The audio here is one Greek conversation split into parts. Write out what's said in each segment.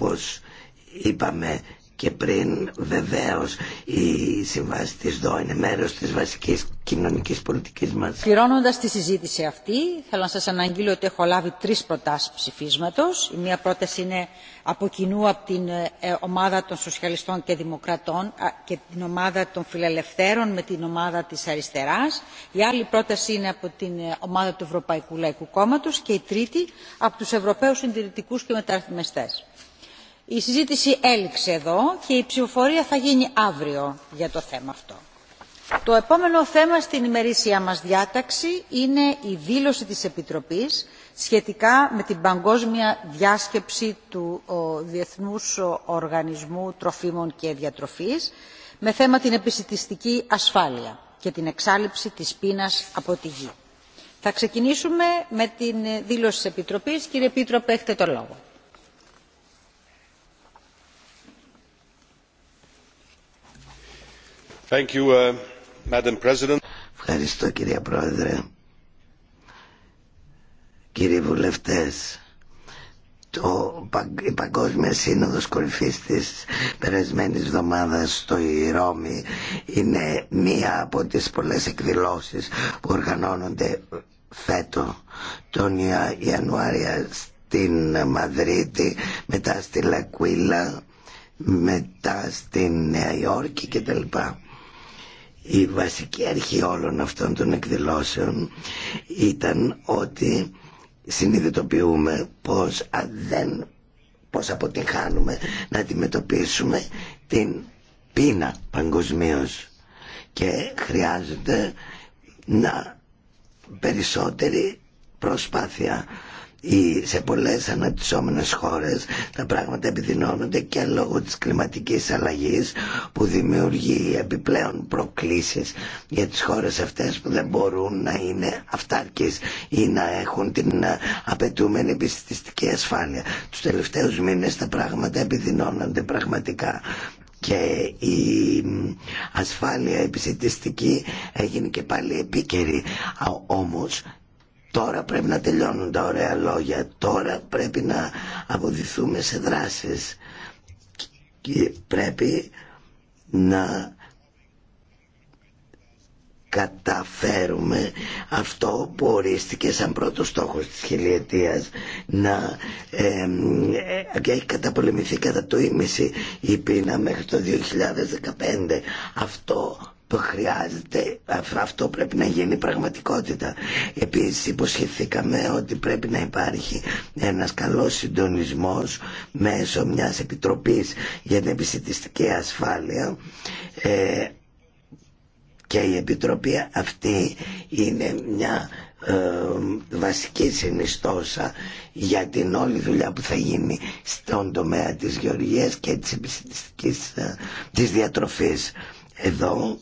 όπως είπαμε και πριν βεβαίως η συμβάση της ΔΟ είναι μέρος της βασικής κοινωνικής πολιτικής μας. Κυρώνοντας τη συζήτηση αυτή θέλω να σας αναγγείλω ότι έχω λάβει τρεις προτάσεις ψηφίσματος. Η μία πρόταση είναι από κοινού από την ε, ε, ομάδα των Σοσιαλιστών και Δημοκρατών και την ομάδα των Φιλελευθέρων με την ομάδα της Αριστεράς. Η άλλη πρόταση είναι από την ε, ομάδα του Ευρωπαϊκού Λαϊκού Κόμματος και η τρίτη από τους Ευρωπαίους Συντηρητικούς και Μεταρρυθμιστές η συζήτηση έληξε εδώ και η ψηφοφορία θα γίνει αύριο για το θέμα αυτό. Το επόμενο θέμα στην ημερήσια μας διάταξη είναι η δήλωση της Επιτροπής σχετικά με την παγκόσμια διάσκεψη του Διεθνούς Οργανισμού Τροφίμων και Διατροφής με θέμα την επισητιστική ασφάλεια και την εξάλληψη της πείνας από τη γη. Θα ξεκινήσουμε με την δήλωση της Επιτροπής. Κύριε Επίτροπε, έχετε το λόγο. Uh, Ευχαριστώ κυρία Πρόεδρε. Κύριοι βουλευτές, το, η Παγκόσμια Σύνοδος Κορυφής της περασμένης εβδομάδας στο Ιρόμι είναι μία από τις πολλές εκδηλώσεις που οργανώνονται φέτο τον Ιανουάριο στην Μαδρίτη, μετά στη Λακουίλα, μετά στην Νέα Υόρκη κτλ. Η βασική αρχή όλων αυτών των εκδηλώσεων ήταν ότι συνειδητοποιούμε πως δεν πως αποτυγχάνουμε να αντιμετωπίσουμε την πείνα παγκοσμίω και χρειάζεται να περισσότερη προσπάθεια σε πολλές αναπτυσσόμενες χώρες τα πράγματα επιδεινώνονται και λόγω της κλιματικής αλλαγής που δημιουργεί επιπλέον προκλήσεις για τις χώρες αυτές που δεν μπορούν να είναι αυτάρκες ή να έχουν την ε, απαιτούμενη επιστηστική ασφάλεια. Τους τελευταίους μήνες τα πράγματα επιδεινώνονται πραγματικά και η ασφάλεια επιστηστική έγινε και πάλι επίκαιρη. Όμως Τώρα πρέπει να τελειώνουν τα ωραία λόγια, τώρα πρέπει να αποδειθούμε σε δράσεις και πρέπει να καταφέρουμε αυτό που ορίστηκε σαν πρώτο στόχο της χιλιετίας να ε, ε, έχει καταπολεμηθεί κατά το ίμιση η πείνα μέχρι το 2015 αυτό το χρειάζεται, αυτό πρέπει να γίνει πραγματικότητα. Επίσης υποσχεθήκαμε ότι πρέπει να υπάρχει ένας καλός συντονισμός μέσω μιας επιτροπής για την επιστημιστική ασφάλεια ε, και η επιτροπή αυτή είναι μια ε, βασική συνιστόσα για την όλη δουλειά που θα γίνει στον τομέα της γεωργίας και της, ε, της διατροφής. Εδώ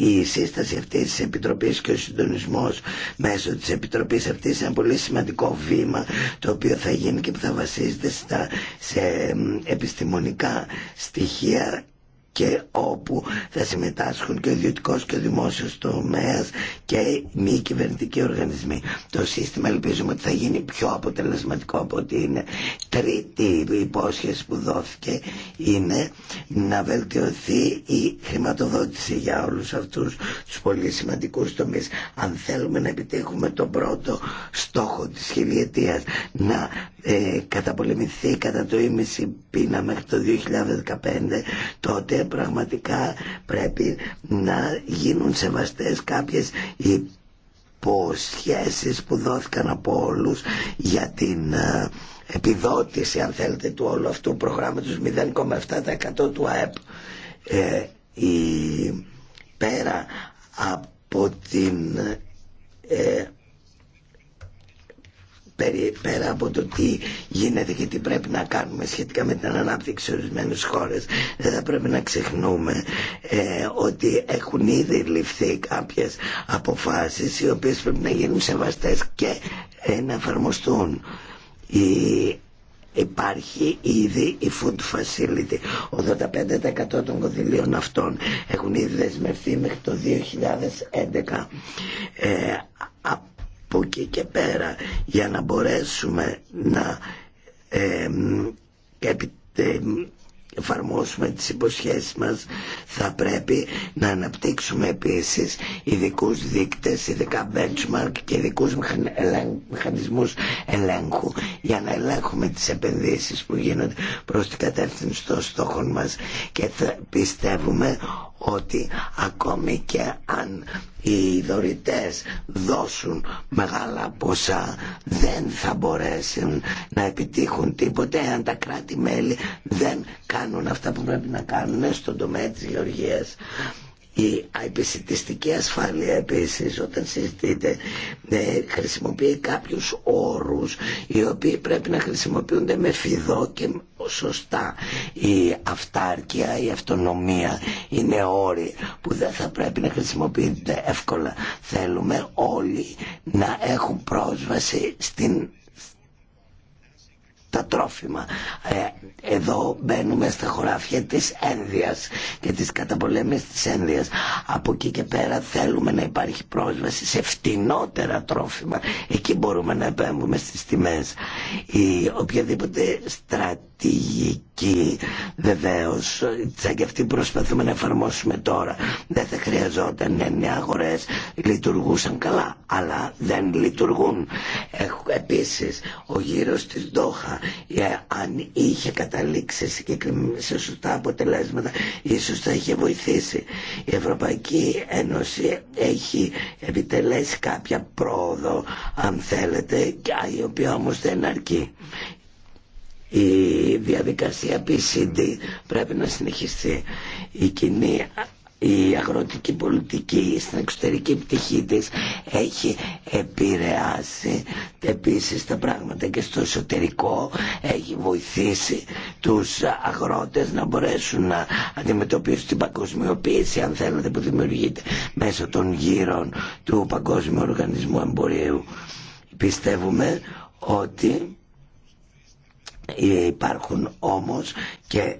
η σύσταση αυτής της Επιτροπής και ο συντονισμός μέσω της Επιτροπής αυτής είναι ένα πολύ σημαντικό βήμα το οποίο θα γίνει και που θα βασίζεται στα, σε επιστημονικά στοιχεία και όπου θα συμμετάσχουν και ο ιδιωτικό και ο δημόσιο τομέα και μη κυβερνητικοί οργανισμοί. Το σύστημα ελπίζουμε ότι θα γίνει πιο αποτελεσματικό από ότι είναι. Τρίτη υπόσχεση που δόθηκε είναι να βελτιωθεί η χρηματοδότηση για όλου αυτού του πολύ σημαντικού τομεί. Αν θέλουμε να επιτύχουμε τον πρώτο στόχο τη χιλιετία, να ε, καταπολεμηθεί κατά το ίμιση πείνα μέχρι το 2015, τότε πραγματικά πρέπει να γίνουν σεβαστές κάποιες υποσχέσεις που δόθηκαν από όλους για την ε, επιδότηση αν θέλετε του όλου αυτού προγράμματος 0,7% του ΑΕΠ ε, η, πέρα από την ε, πέρα από το τι γίνεται και τι πρέπει να κάνουμε σχετικά με την ανάπτυξη σε χώρε. χώρες δεν θα πρέπει να ξεχνούμε ε, ότι έχουν ήδη ληφθεί κάποιες αποφάσεις οι οποίες πρέπει να γίνουν σεβαστέ και ε, να εφαρμοστούν η, Υπάρχει ήδη η Food Facility. 85% των κονδυλίων αυτών έχουν ήδη δεσμευτεί μέχρι το 2011 από εκεί και πέρα για να μπορέσουμε να ε, εφαρμόσουμε τις υποσχέσεις μας θα πρέπει να αναπτύξουμε επίσης ειδικού δείκτες, ειδικά benchmark και ειδικού μηχανισμούς ελέγχου για να ελέγχουμε τις επενδύσεις που γίνονται προς την κατεύθυνση των στόχων μας και θα πιστεύουμε ότι ακόμη και αν οι δωρητές δώσουν μεγάλα ποσά δεν θα μπορέσουν να επιτύχουν τίποτε αν τα κράτη-μέλη δεν κάνουν αυτά που πρέπει να κάνουν στον τομέα της γεωργίας. Η επιστημιστική ασφάλεια επίσης όταν συζητείται ε, χρησιμοποιεί κάποιους όρους οι οποίοι πρέπει να χρησιμοποιούνται με φιδό και σωστά. Η αυτάρκεια, η αυτονομία είναι όροι που δεν θα πρέπει να χρησιμοποιούνται εύκολα. Θέλουμε όλοι να έχουν πρόσβαση στην τα τρόφιμα. Ε, εδώ μπαίνουμε στα χωράφια της ένδυας και της καταπολέμησης της ένδυας. Από εκεί και πέρα θέλουμε να υπάρχει πρόσβαση σε φτηνότερα τρόφιμα. Εκεί μπορούμε να επέμβουμε στις τιμές. Η οποιαδήποτε στρατηγική βεβαίως, σαν και αυτή προσπαθούμε να εφαρμόσουμε τώρα, δεν θα χρειαζόταν νέα ναι, αγορές, λειτουργούσαν καλά, αλλά δεν λειτουργούν. επίσης, ο γύρος της Ντόχα ε, αν είχε καταλήξει σε σωστά αποτελέσματα ίσως θα είχε βοηθήσει. Η Ευρωπαϊκή Ένωση έχει επιτελέσει κάποια πρόοδο αν θέλετε η οποία όμως δεν αρκεί. Η διαδικασία PCD πρέπει να συνεχιστεί. Η κοινή η αγροτική πολιτική στην εξωτερική πτυχή της έχει επηρεάσει επίσης τα πράγματα και στο εσωτερικό έχει βοηθήσει τους αγρότες να μπορέσουν να αντιμετωπίσουν την παγκοσμιοποίηση αν θέλετε που δημιουργείται μέσω των γύρων του Παγκόσμιου Οργανισμού Εμπορίου πιστεύουμε ότι υπάρχουν όμως και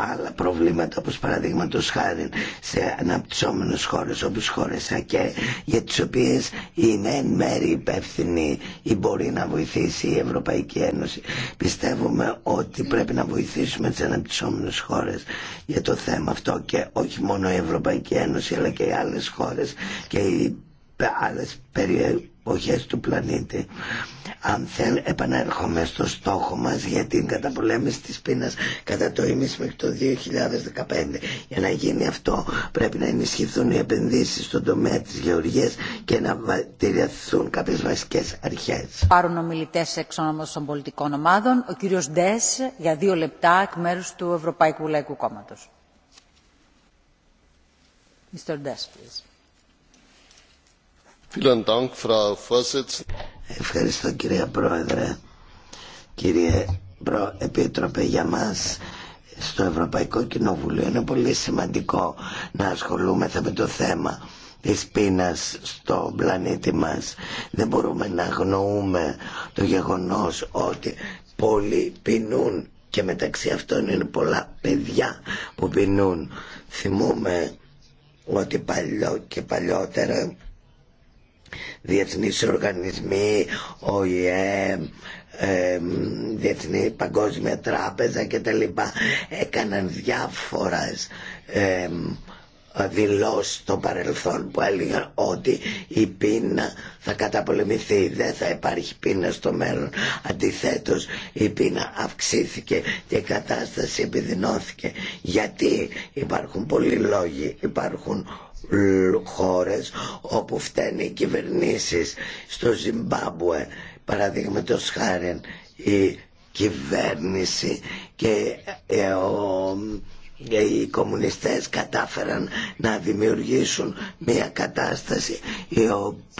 άλλα προβλήματα όπως παραδείγματο χάρη σε αναπτυσσόμενες χώρες όπως χώρες ΑΚΕ για τις οποίες είναι εν μέρη υπεύθυνη ή μπορεί να βοηθήσει η Ευρωπαϊκή Ένωση. Πιστεύουμε ότι πρέπει να βοηθήσουμε τις αναπτυσσόμενες χώρες για το θέμα αυτό και όχι μόνο η Ευρωπαϊκή Ένωση αλλά και οι άλλες χώρες και οι άλλες περιοχές του πλανήτη. Αν θέλ, επανέρχομαι στο στόχο μας για την καταπολέμηση της πείνας κατά το ίμιση μέχρι το 2015. Για να γίνει αυτό πρέπει να ενισχυθούν οι επενδύσεις στον τομέα της γεωργίας και να τηρηθούν κάποιες βασικές αρχές. Πάρουν ομιλητές εξ των πολιτικών ομάδων. Ο κύριος Ντές για δύο λεπτά εκ μέρους του Ευρωπαϊκού Λαϊκού Κόμματος. Mr. Ντές, Ευχαριστώ κυρία Πρόεδρε. Κύριε Επίτροπε, για μας στο Ευρωπαϊκό Κοινοβούλιο είναι πολύ σημαντικό να ασχολούμεθα με το θέμα της πείνας στο πλανήτη μας. Δεν μπορούμε να αγνοούμε το γεγονός ότι πολλοί πεινούν και μεταξύ αυτών είναι πολλά παιδιά που πεινούν. Θυμούμε ότι παλιό και παλιότερα διεθνείς οργανισμοί, ΟΗΕ, Διεθνή Παγκόσμια Τράπεζα και τα λοιπά έκαναν διάφορες ε, δηλώσει στο παρελθόν που έλεγαν ότι η πείνα θα καταπολεμηθεί, δεν θα υπάρχει πείνα στο μέλλον. Αντιθέτως η πείνα αυξήθηκε και η κατάσταση επιδεινώθηκε. Γιατί υπάρχουν πολλοί λόγοι, υπάρχουν χώρες όπου φταίνει οι κυβερνήσεις στο Ζιμπάμπουε παραδείγματος χάρη η κυβέρνηση και ε, ε, οι κομμουνιστές κατάφεραν να δημιουργήσουν μια κατάσταση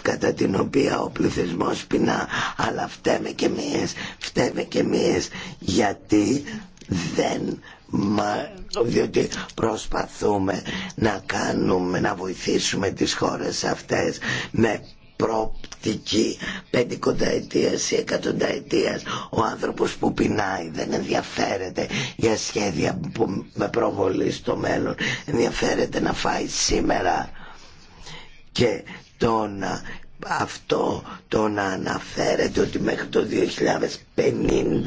κατά την οποία ο πληθυσμός πεινά αλλά φταίμε και εμείς, φταίμε και εμείς γιατί δεν μα, διότι προσπαθούμε να κάνουμε, να βοηθήσουμε τις χώρες αυτές με προοπτική πεντηκονταετίας ή εκατονταετίας ο άνθρωπος που πεινάει δεν ενδιαφέρεται για σχέδια που με προβολή στο μέλλον ενδιαφέρεται να φάει σήμερα και το αυτό το να αναφέρεται ότι μέχρι το 2050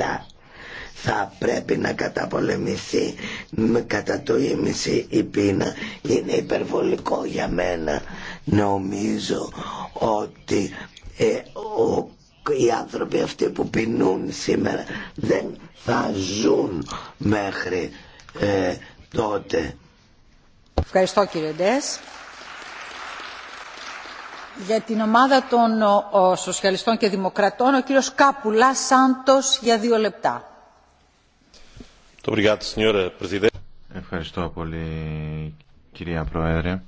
θα πρέπει να καταπολεμηθεί με κατά το ίμιση η πείνα είναι υπερβολικό για μένα νομίζω ότι ε, ο, οι άνθρωποι αυτοί που πεινούν σήμερα δεν θα ζουν μέχρι ε, τότε Ευχαριστώ κύριε Ντές για την ομάδα των Σοσιαλιστών και Δημοκρατών ο κύριος Κάπουλα Σάντος για δύο λεπτά Ευχαριστώ πολύ κυρία Πρόεδρε,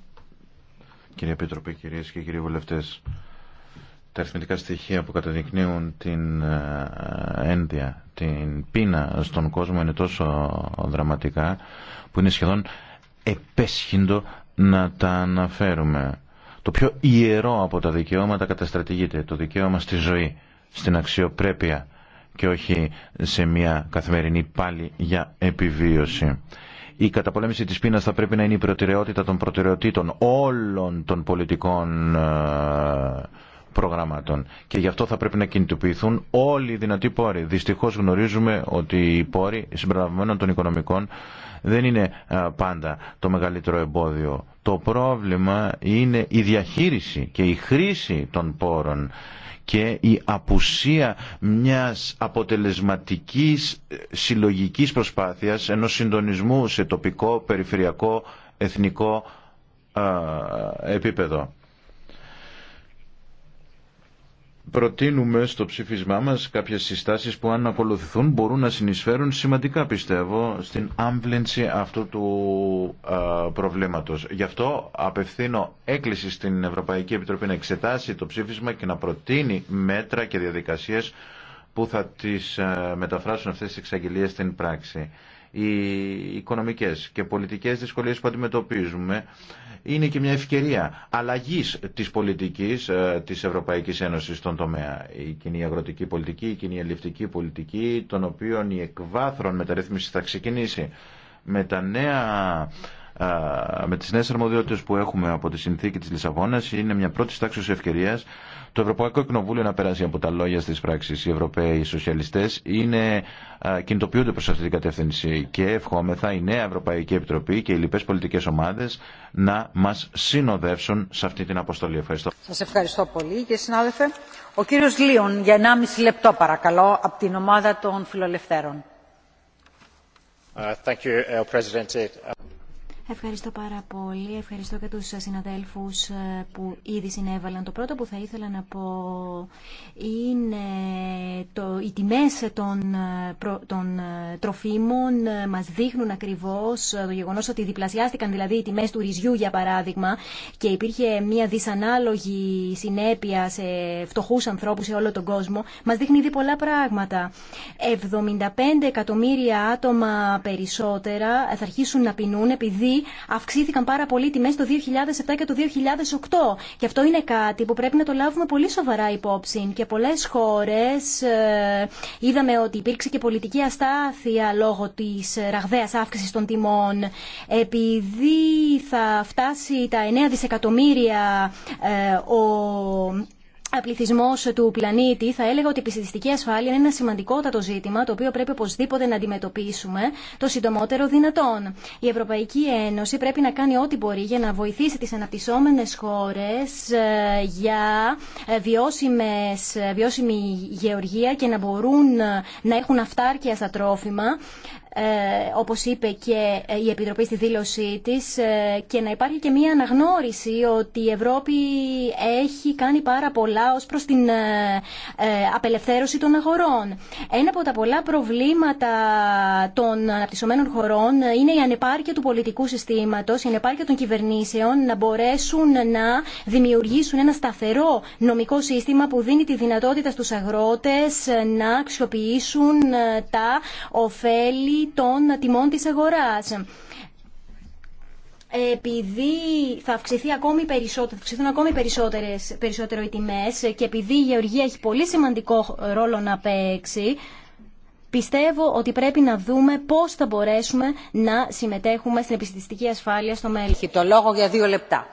κύριε Επίτροπε, κυρίες και κύριοι βουλευτές. Τα αριθμητικά στοιχεία που καταδεικνύουν την ε, ένδια, την πείνα στον κόσμο είναι τόσο δραματικά που είναι σχεδόν επέσχυντο να τα αναφέρουμε. Το πιο ιερό από τα δικαιώματα καταστρατηγείται, το δικαίωμα στη ζωή, στην αξιοπρέπεια και όχι σε μια καθημερινή πάλι για επιβίωση. Η καταπολέμηση της πείνας θα πρέπει να είναι η προτεραιότητα των προτεραιοτήτων όλων των πολιτικών ε, προγραμμάτων. Και γι' αυτό θα πρέπει να κινητοποιηθούν όλοι οι δυνατοί πόροι. Δυστυχώς γνωρίζουμε ότι οι πόροι συμπεριλαμβανομένων των οικονομικών δεν είναι ε, πάντα το μεγαλύτερο εμπόδιο. Το πρόβλημα είναι η διαχείριση και η χρήση των πόρων και η απουσία μιας αποτελεσματικής ε, συλλογικής προσπάθειας ενός συντονισμού σε τοπικό, περιφερειακό, εθνικό επίπεδο. προτείνουμε στο ψήφισμά μας κάποιες συστάσεις που αν ακολουθηθούν μπορούν να συνεισφέρουν σημαντικά πιστεύω στην άμβλυνση αυτού του προβλήματος. Γι' αυτό απευθύνω έκκληση στην Ευρωπαϊκή Επιτροπή να εξετάσει το ψήφισμα και να προτείνει μέτρα και διαδικασίες που θα τις μεταφράσουν αυτές τις εξαγγελίες στην πράξη. Οι οικονομικές και πολιτικές δυσκολίες που αντιμετωπίζουμε είναι και μια ευκαιρία αλλαγής της πολιτικής ε, της Ευρωπαϊκής Ένωση στον τομέα. Η κοινή αγροτική πολιτική, η κοινή ελληνική πολιτική, των οποίων η εκβάθρον μεταρρύθμιση θα ξεκινήσει με τα νέα με τις νέες αρμοδιότητες που έχουμε από τη συνθήκη της Λισαβόνας είναι μια πρώτη τάξη ευκαιρίας το Ευρωπαϊκό Κοινοβούλιο να περάσει από τα λόγια στις πράξεις. Οι Ευρωπαίοι σοσιαλιστές είναι, κινητοποιούνται προς αυτή την κατεύθυνση και ευχόμεθα η νέα Ευρωπαϊκή Επιτροπή και οι λοιπές πολιτικές ομάδες να μας συνοδεύσουν σε αυτή την αποστολή. Ευχαριστώ. Σας ευχαριστώ πολύ και συνάδελφε. Ο κύριος Λίον για 1,5 λεπτό παρακαλώ από την ομάδα των φιλολευθέρων. Uh, thank you, uh, Ευχαριστώ πάρα πολύ. Ευχαριστώ και τους συναδέλφους ε, που ήδη συνέβαλαν. Το πρώτο που θα ήθελα να πω είναι το, οι τιμές των, ε, των ε, τροφίμων μας δείχνουν ακριβώς το γεγονός ότι διπλασιάστηκαν δηλαδή οι τιμές του ρυζιού για παράδειγμα και υπήρχε μια δυσανάλογη συνέπεια σε φτωχούς ανθρώπους σε όλο τον κόσμο. Μας δείχνει ήδη πολλά πράγματα. 75 εκατομμύρια άτομα περισσότερα θα αρχίσουν να πεινούν επειδή αυξήθηκαν πάρα πολύ τιμέ το 2007 και το 2008. Και αυτό είναι κάτι που πρέπει να το λάβουμε πολύ σοβαρά υπόψη. Και πολλές χώρες ε, είδαμε ότι υπήρξε και πολιτική αστάθεια λόγω της ε, ραγδαίας αύξησης των τιμών. Επειδή θα φτάσει τα 9 δισεκατομμύρια ε, ο πληθυσμό του πλανήτη, θα έλεγα ότι η επιστημιστική ασφάλεια είναι ένα σημαντικότατο ζήτημα το οποίο πρέπει οπωσδήποτε να αντιμετωπίσουμε το συντομότερο δυνατόν. Η Ευρωπαϊκή Ένωση πρέπει να κάνει ό,τι μπορεί για να βοηθήσει τι αναπτυσσόμενε χώρε ε, για ε, βιώσιμες, ε, βιώσιμη γεωργία και να μπορούν να έχουν αυτάρκεια στα τρόφιμα ε, όπως είπε και η Επιτροπή στη δήλωσή της, ε, και να υπάρχει και μία αναγνώριση ότι η Ευρώπη έχει κάνει πάρα πολλά ως προς την ε, απελευθέρωση των αγορών. Ένα από τα πολλά προβλήματα των αναπτυσσομένων χωρών είναι η ανεπάρκεια του πολιτικού συστήματος, η ανεπάρκεια των κυβερνήσεων να μπορέσουν να δημιουργήσουν ένα σταθερό νομικό σύστημα που δίνει τη δυνατότητα στους αγρότες να αξιοποιήσουν τα ωφέλη των τιμών της αγοράς. Επειδή θα, αυξηθεί ακόμη περισσότερο, θα αυξηθούν ακόμη περισσότερες, περισσότερο οι τιμές και επειδή η Γεωργία έχει πολύ σημαντικό ρόλο να παίξει, πιστεύω ότι πρέπει να δούμε πώς θα μπορέσουμε να συμμετέχουμε στην επιστημιστική ασφάλεια στο μέλλον. Έχει το λόγο για δύο λεπτά.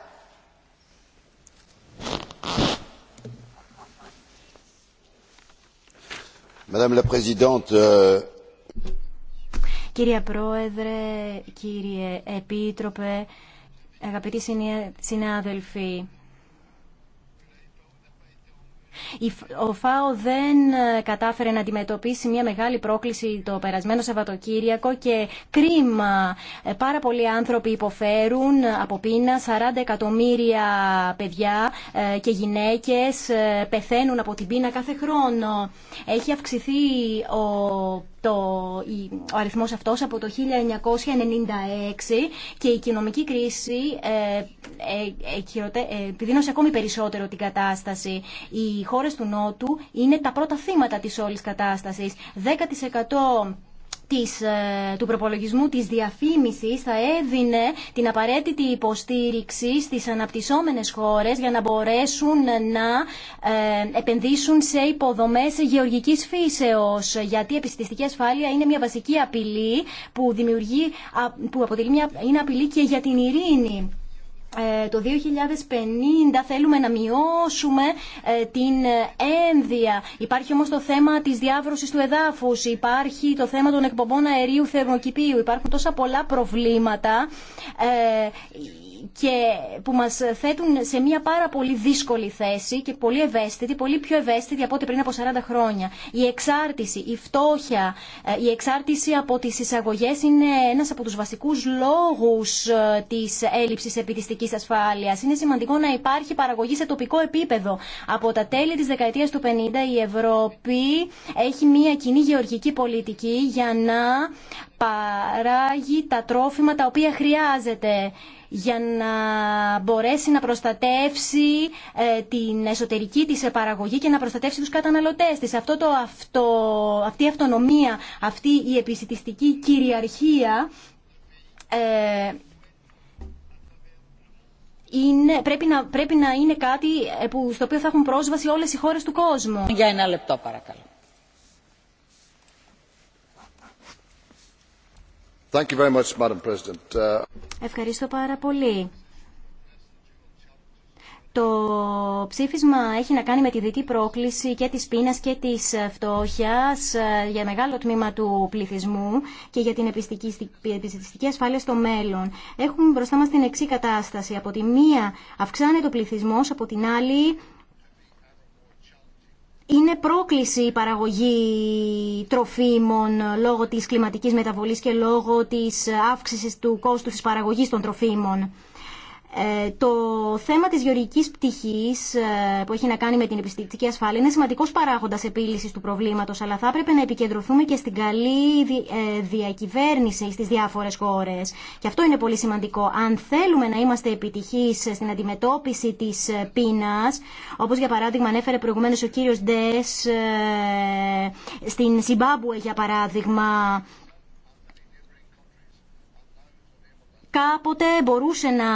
Madame la Présidente, euh, Κύριε Πρόεδρε, κύριε Επίτροπε, αγαπητοί συνάδελφοι, ο ΦΑΟ δεν ε, κατάφερε να αντιμετωπίσει μια μεγάλη πρόκληση το περασμένο Σαββατοκύριακο και κρίμα. Ε, πάρα πολλοί άνθρωποι υποφέρουν από πείνα, 40 εκατομμύρια παιδιά ε, και γυναίκες πεθαίνουν από την πείνα κάθε χρόνο. Έχει αυξηθεί ο το, ο αριθμός αυτός από το 1996 και η κοινωνική κρίση ε, ε, ε, επιδίνωσε ακόμη περισσότερο την κατάσταση. Οι χώρες του Νότου είναι τα πρώτα θύματα της όλης κατάστασης. 10% της, ε, του προπολογισμού της διαφήμισης θα έδινε την απαραίτητη υποστήριξη στις αναπτυσσόμενες χώρες για να μπορέσουν να ε, επενδύσουν σε υποδομές γεωργικής φύσεως. Γιατί η επιστηστική ασφάλεια είναι μια βασική απειλή που, δημιουργεί, που αποτελεί μια, είναι απειλή και για την ειρήνη. Ε, το 2050 θέλουμε να μειώσουμε ε, την ε, ένδια. Υπάρχει όμως το θέμα της διάβρωσης του εδάφους, υπάρχει το θέμα των εκπομπών αερίου θερμοκηπίου, υπάρχουν τόσα πολλά προβλήματα και που μας θέτουν σε μια πάρα πολύ δύσκολη θέση και πολύ ευαίσθητη, πολύ πιο ευαίσθητη από ό,τι πριν από 40 χρόνια. Η εξάρτηση, η φτώχεια, ε, η εξάρτηση από τις εισαγωγές είναι ένας από τους βασικούς λόγους ε, της έλλειψης επιτιστικής ασφάλειας. Είναι σημαντικό να υπάρχει παραγωγή σε τοπικό επίπεδο. Από τα τέλη της δεκαετίας του 50 η Ευρώπη έχει μια κοινή γεωργική πολιτική για να παράγει τα τρόφιμα τα οποία χρειάζεται για να μπορέσει να προστατεύσει ε, την εσωτερική της παραγωγή και να προστατεύσει τους καταναλωτές της. Αυτό το, αυτό, αυτή η αυτονομία, αυτή η επισητιστική κυριαρχία ε, είναι, πρέπει, να, πρέπει να είναι κάτι ε, που, στο οποίο θα έχουν πρόσβαση όλες οι χώρες του κόσμου. Για ένα λεπτό παρακαλώ. Thank you very much, uh, Ευχαριστώ πάρα πολύ. Το ψήφισμα έχει να κάνει με τη δυτή πρόκληση και της πείνας και της φτώχειας ε, για μεγάλο τμήμα του πληθυσμού και για την επιστημιστική ασφάλεια στο μέλλον. Έχουμε μπροστά μας την εξή κατάσταση. Από τη μία αυξάνεται ο πληθυσμός, από την άλλη είναι πρόκληση η παραγωγή τροφίμων λόγω της κλιματικής μεταβολής και λόγω της αύξησης του κόστου της παραγωγής των τροφίμων. Ε, το θέμα της γεωργικής πτυχής ε, που έχει να κάνει με την επιστημική ασφάλεια είναι σημαντικός παράγοντας επίλυσης του προβλήματος, αλλά θα έπρεπε να επικεντρωθούμε και στην καλή ε, διακυβέρνηση στις διάφορες χώρες. Και αυτό είναι πολύ σημαντικό. Αν θέλουμε να είμαστε επιτυχείς στην αντιμετώπιση της πείνας, όπως για παράδειγμα ανέφερε προηγουμένως ο κύριος Ντες, στην Σιμπάμπουε για παράδειγμα, κάποτε μπορούσε να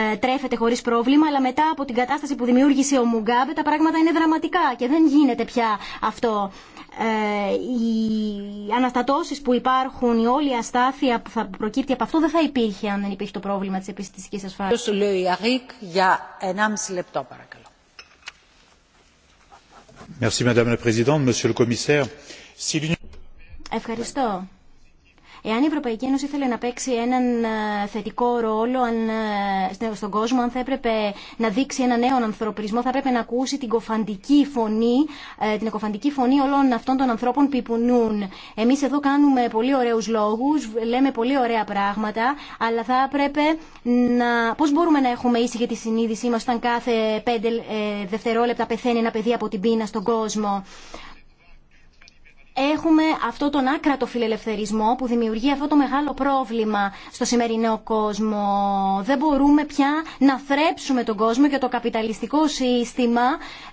ε, τρέφεται χωρίς πρόβλημα, αλλά μετά από την κατάσταση που δημιούργησε ο Μουγκάμπε τα πράγματα είναι δραματικά και δεν γίνεται πια αυτό. Ε, οι αναστατώσει που υπάρχουν, η όλη αστάθεια που θα προκύπτει από αυτό δεν θα υπήρχε αν δεν υπήρχε το πρόβλημα της επιστημικής ασφάλειας. Ευχαριστώ. Εάν η Ευρωπαϊκή Ένωση ήθελε να παίξει έναν ε, θετικό ρόλο ε, στον κόσμο, αν θα έπρεπε να δείξει έναν νέο ανθρωπισμό, θα έπρεπε να ακούσει την κοφαντική φωνή, ε, την εκοφαντική φωνή όλων αυτών των ανθρώπων που υπουνούν. Εμεί εδώ κάνουμε πολύ ωραίου λόγου, λέμε πολύ ωραία πράγματα, αλλά θα έπρεπε να. Πώ μπορούμε να έχουμε ήσυχη τη συνείδησή μα όταν κάθε πέντε δευτερόλεπτα πεθαίνει ένα παιδί από την πείνα στον κόσμο έχουμε αυτό τον άκρατο φιλελευθερισμό που δημιουργεί αυτό το μεγάλο πρόβλημα στο σημερινό κόσμο. Δεν μπορούμε πια να θρέψουμε τον κόσμο και το καπιταλιστικό σύστημα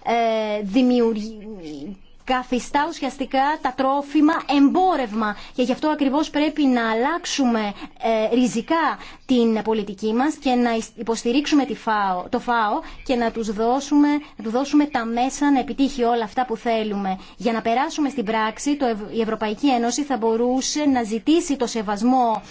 ε, δημιουργεί καθιστά ουσιαστικά τα τρόφιμα εμπόρευμα και γι' αυτό ακριβώς πρέπει να αλλάξουμε ε, ριζικά την πολιτική μας και να υποστηρίξουμε τη ΦΑΟ, το ΦΑΟ και να, τους δώσουμε, του δώσουμε τα μέσα να επιτύχει όλα αυτά που θέλουμε. Για να περάσουμε στην πράξη, το, η Ευρωπαϊκή Ένωση θα μπορούσε να ζητήσει το σεβασμό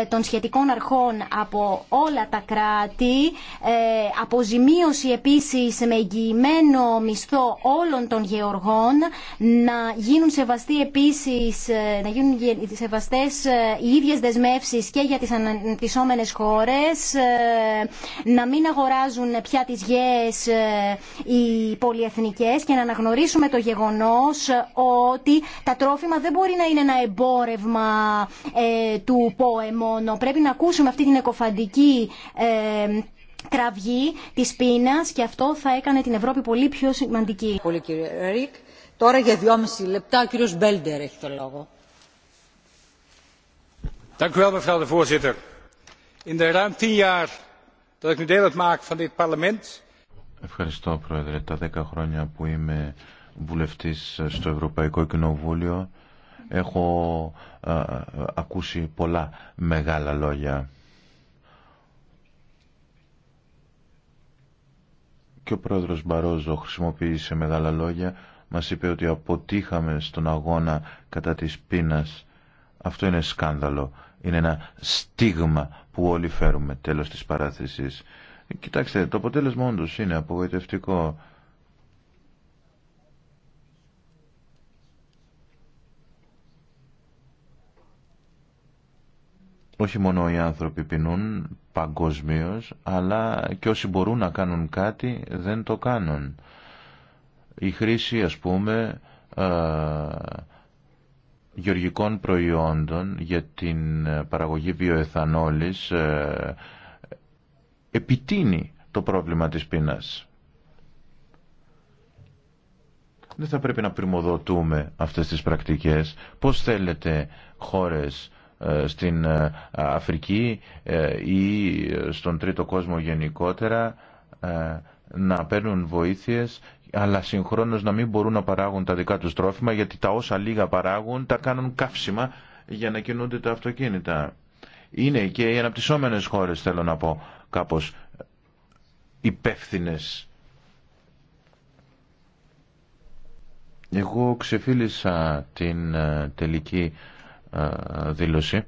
ε, των σχετικών αρχών από όλα τα κράτη, ε, αποζημίωση επίσης με εγγυημένο μισθό όλων των γεωργών, να γίνουν σεβαστοί επίσης, ε, να γίνουν σεβαστές ε, οι ίδιες δεσμεύσεις και για τις αναπτυσσόμενες χώρες, ε, να μην αγοράζουν πια τις γέες οι πολυεθνικές και να αναγνωρίσουμε το γεγονός ότι τα τρόφιμα δεν μπορεί να είναι ένα εμπόρευμα του ΠΟΕ μόνο. Πρέπει να ακούσουμε αυτή την εκοφαντική κραυγή της πείνας και αυτό θα έκανε την Ευρώπη πολύ πιο σημαντική. Τώρα για δυόμιση λεπτά ο κύριος Μπέλντερ έχει το λόγο. Ευχαριστώ, Πρόεδρε. Τα δέκα χρόνια που είμαι βουλευτής στο Ευρωπαϊκό Κοινοβούλιο έχω ε, ακούσει πολλά μεγάλα λόγια. Και ο πρόεδρος Μπαρόζο χρησιμοποίησε μεγάλα λόγια, μας είπε ότι αποτύχαμε στον αγώνα κατά της πείνας. Αυτό είναι σκάνδαλο. Είναι ένα στίγμα που όλοι φέρουμε τέλος της παράθεσης. Κοιτάξτε, το αποτέλεσμα όντω είναι απογοητευτικό. όχι μόνο οι άνθρωποι πεινούν παγκοσμίω, αλλά και όσοι μπορούν να κάνουν κάτι δεν το κάνουν η χρήση ας πούμε γεωργικών προϊόντων για την παραγωγή βιοεθανόλης ε, επιτείνει το πρόβλημα της πείνας. Δεν θα πρέπει να πρημοδοτούμε αυτές τις πρακτικές. Πώς θέλετε χώρες ε, στην ε, Αφρική ή στον Τρίτο Κόσμο γενικότερα να παίρνουν βοήθειες αλλά συγχρόνω να μην μπορούν να παράγουν τα δικά του τρόφιμα γιατί τα όσα λίγα παράγουν τα κάνουν καύσιμα για να κινούνται τα αυτοκίνητα. Είναι και οι αναπτυσσόμενε χώρες θέλω να πω κάπως υπεύθυνε. Εγώ ξεφίλησα την ε, τελική ε, δήλωση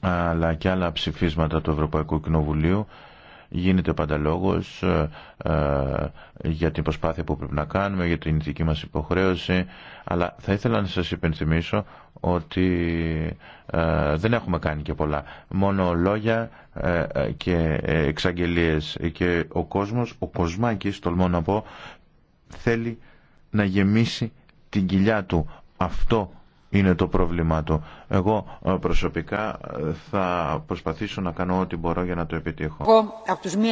αλλά και άλλα ψηφίσματα του Ευρωπαϊκού Κοινοβουλίου γίνεται πάντα λόγος ε, ε, για την προσπάθεια που πρέπει να κάνουμε, για την ηθική μας υποχρέωση, αλλά θα ήθελα να σας υπενθυμίσω ότι ε, δεν έχουμε κάνει και πολλά. Μόνο λόγια και εξαγγελίες και ο κόσμος, ο κοσμάκης, τολμώ να πω, θέλει να γεμίσει την κοιλιά του. Αυτό είναι το πρόβλημά του. Εγώ ε, προσωπικά ε, θα προσπαθήσω να κάνω ό,τι μπορώ για να το επιτύχω. Εγώ από τους μη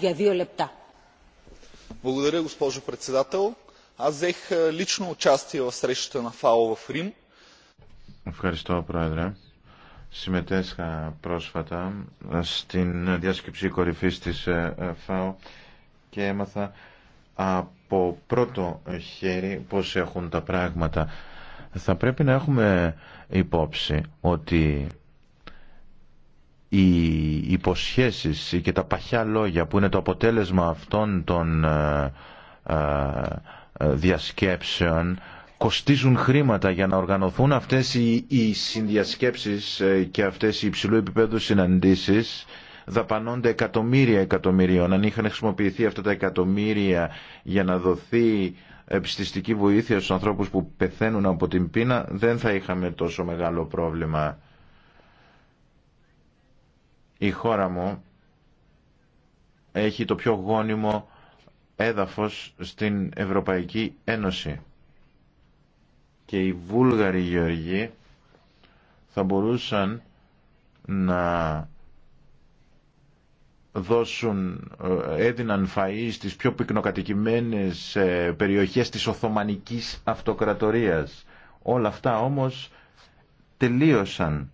για δύο λεπτά. Ευχαριστώ, Πρόεδρε. Συμμετέσχα πρόσφατα ε, στην διάσκεψη κορυφής της ΦΑΟ και έμαθα από πρώτο χέρι πώς έχουν τα πράγματα θα πρέπει να έχουμε υπόψη ότι οι υποσχέσεις και τα παχιά λόγια που είναι το αποτέλεσμα αυτών των ε, ε, διασκέψεων κοστίζουν χρήματα για να οργανωθούν αυτές οι συνδιασκέψεις ε, και αυτές οι υψηλού επίπεδου συναντήσεις δαπανώνται εκατομμύρια εκατομμυρίων. Αν είχαν χρησιμοποιηθεί αυτά τα εκατομμύρια για να δοθεί επιστηστική βοήθεια στους ανθρώπους που πεθαίνουν από την πείνα δεν θα είχαμε τόσο μεγάλο πρόβλημα. Η χώρα μου έχει το πιο γόνιμο έδαφος στην Ευρωπαϊκή Ένωση και οι Βούλγαροι Γεωργοί θα μπορούσαν να δώσουν, ε, έδιναν φαΐ στις πιο πυκνοκατοικημένες ε, περιοχές της Οθωμανικής Αυτοκρατορίας. Όλα αυτά όμως τελείωσαν.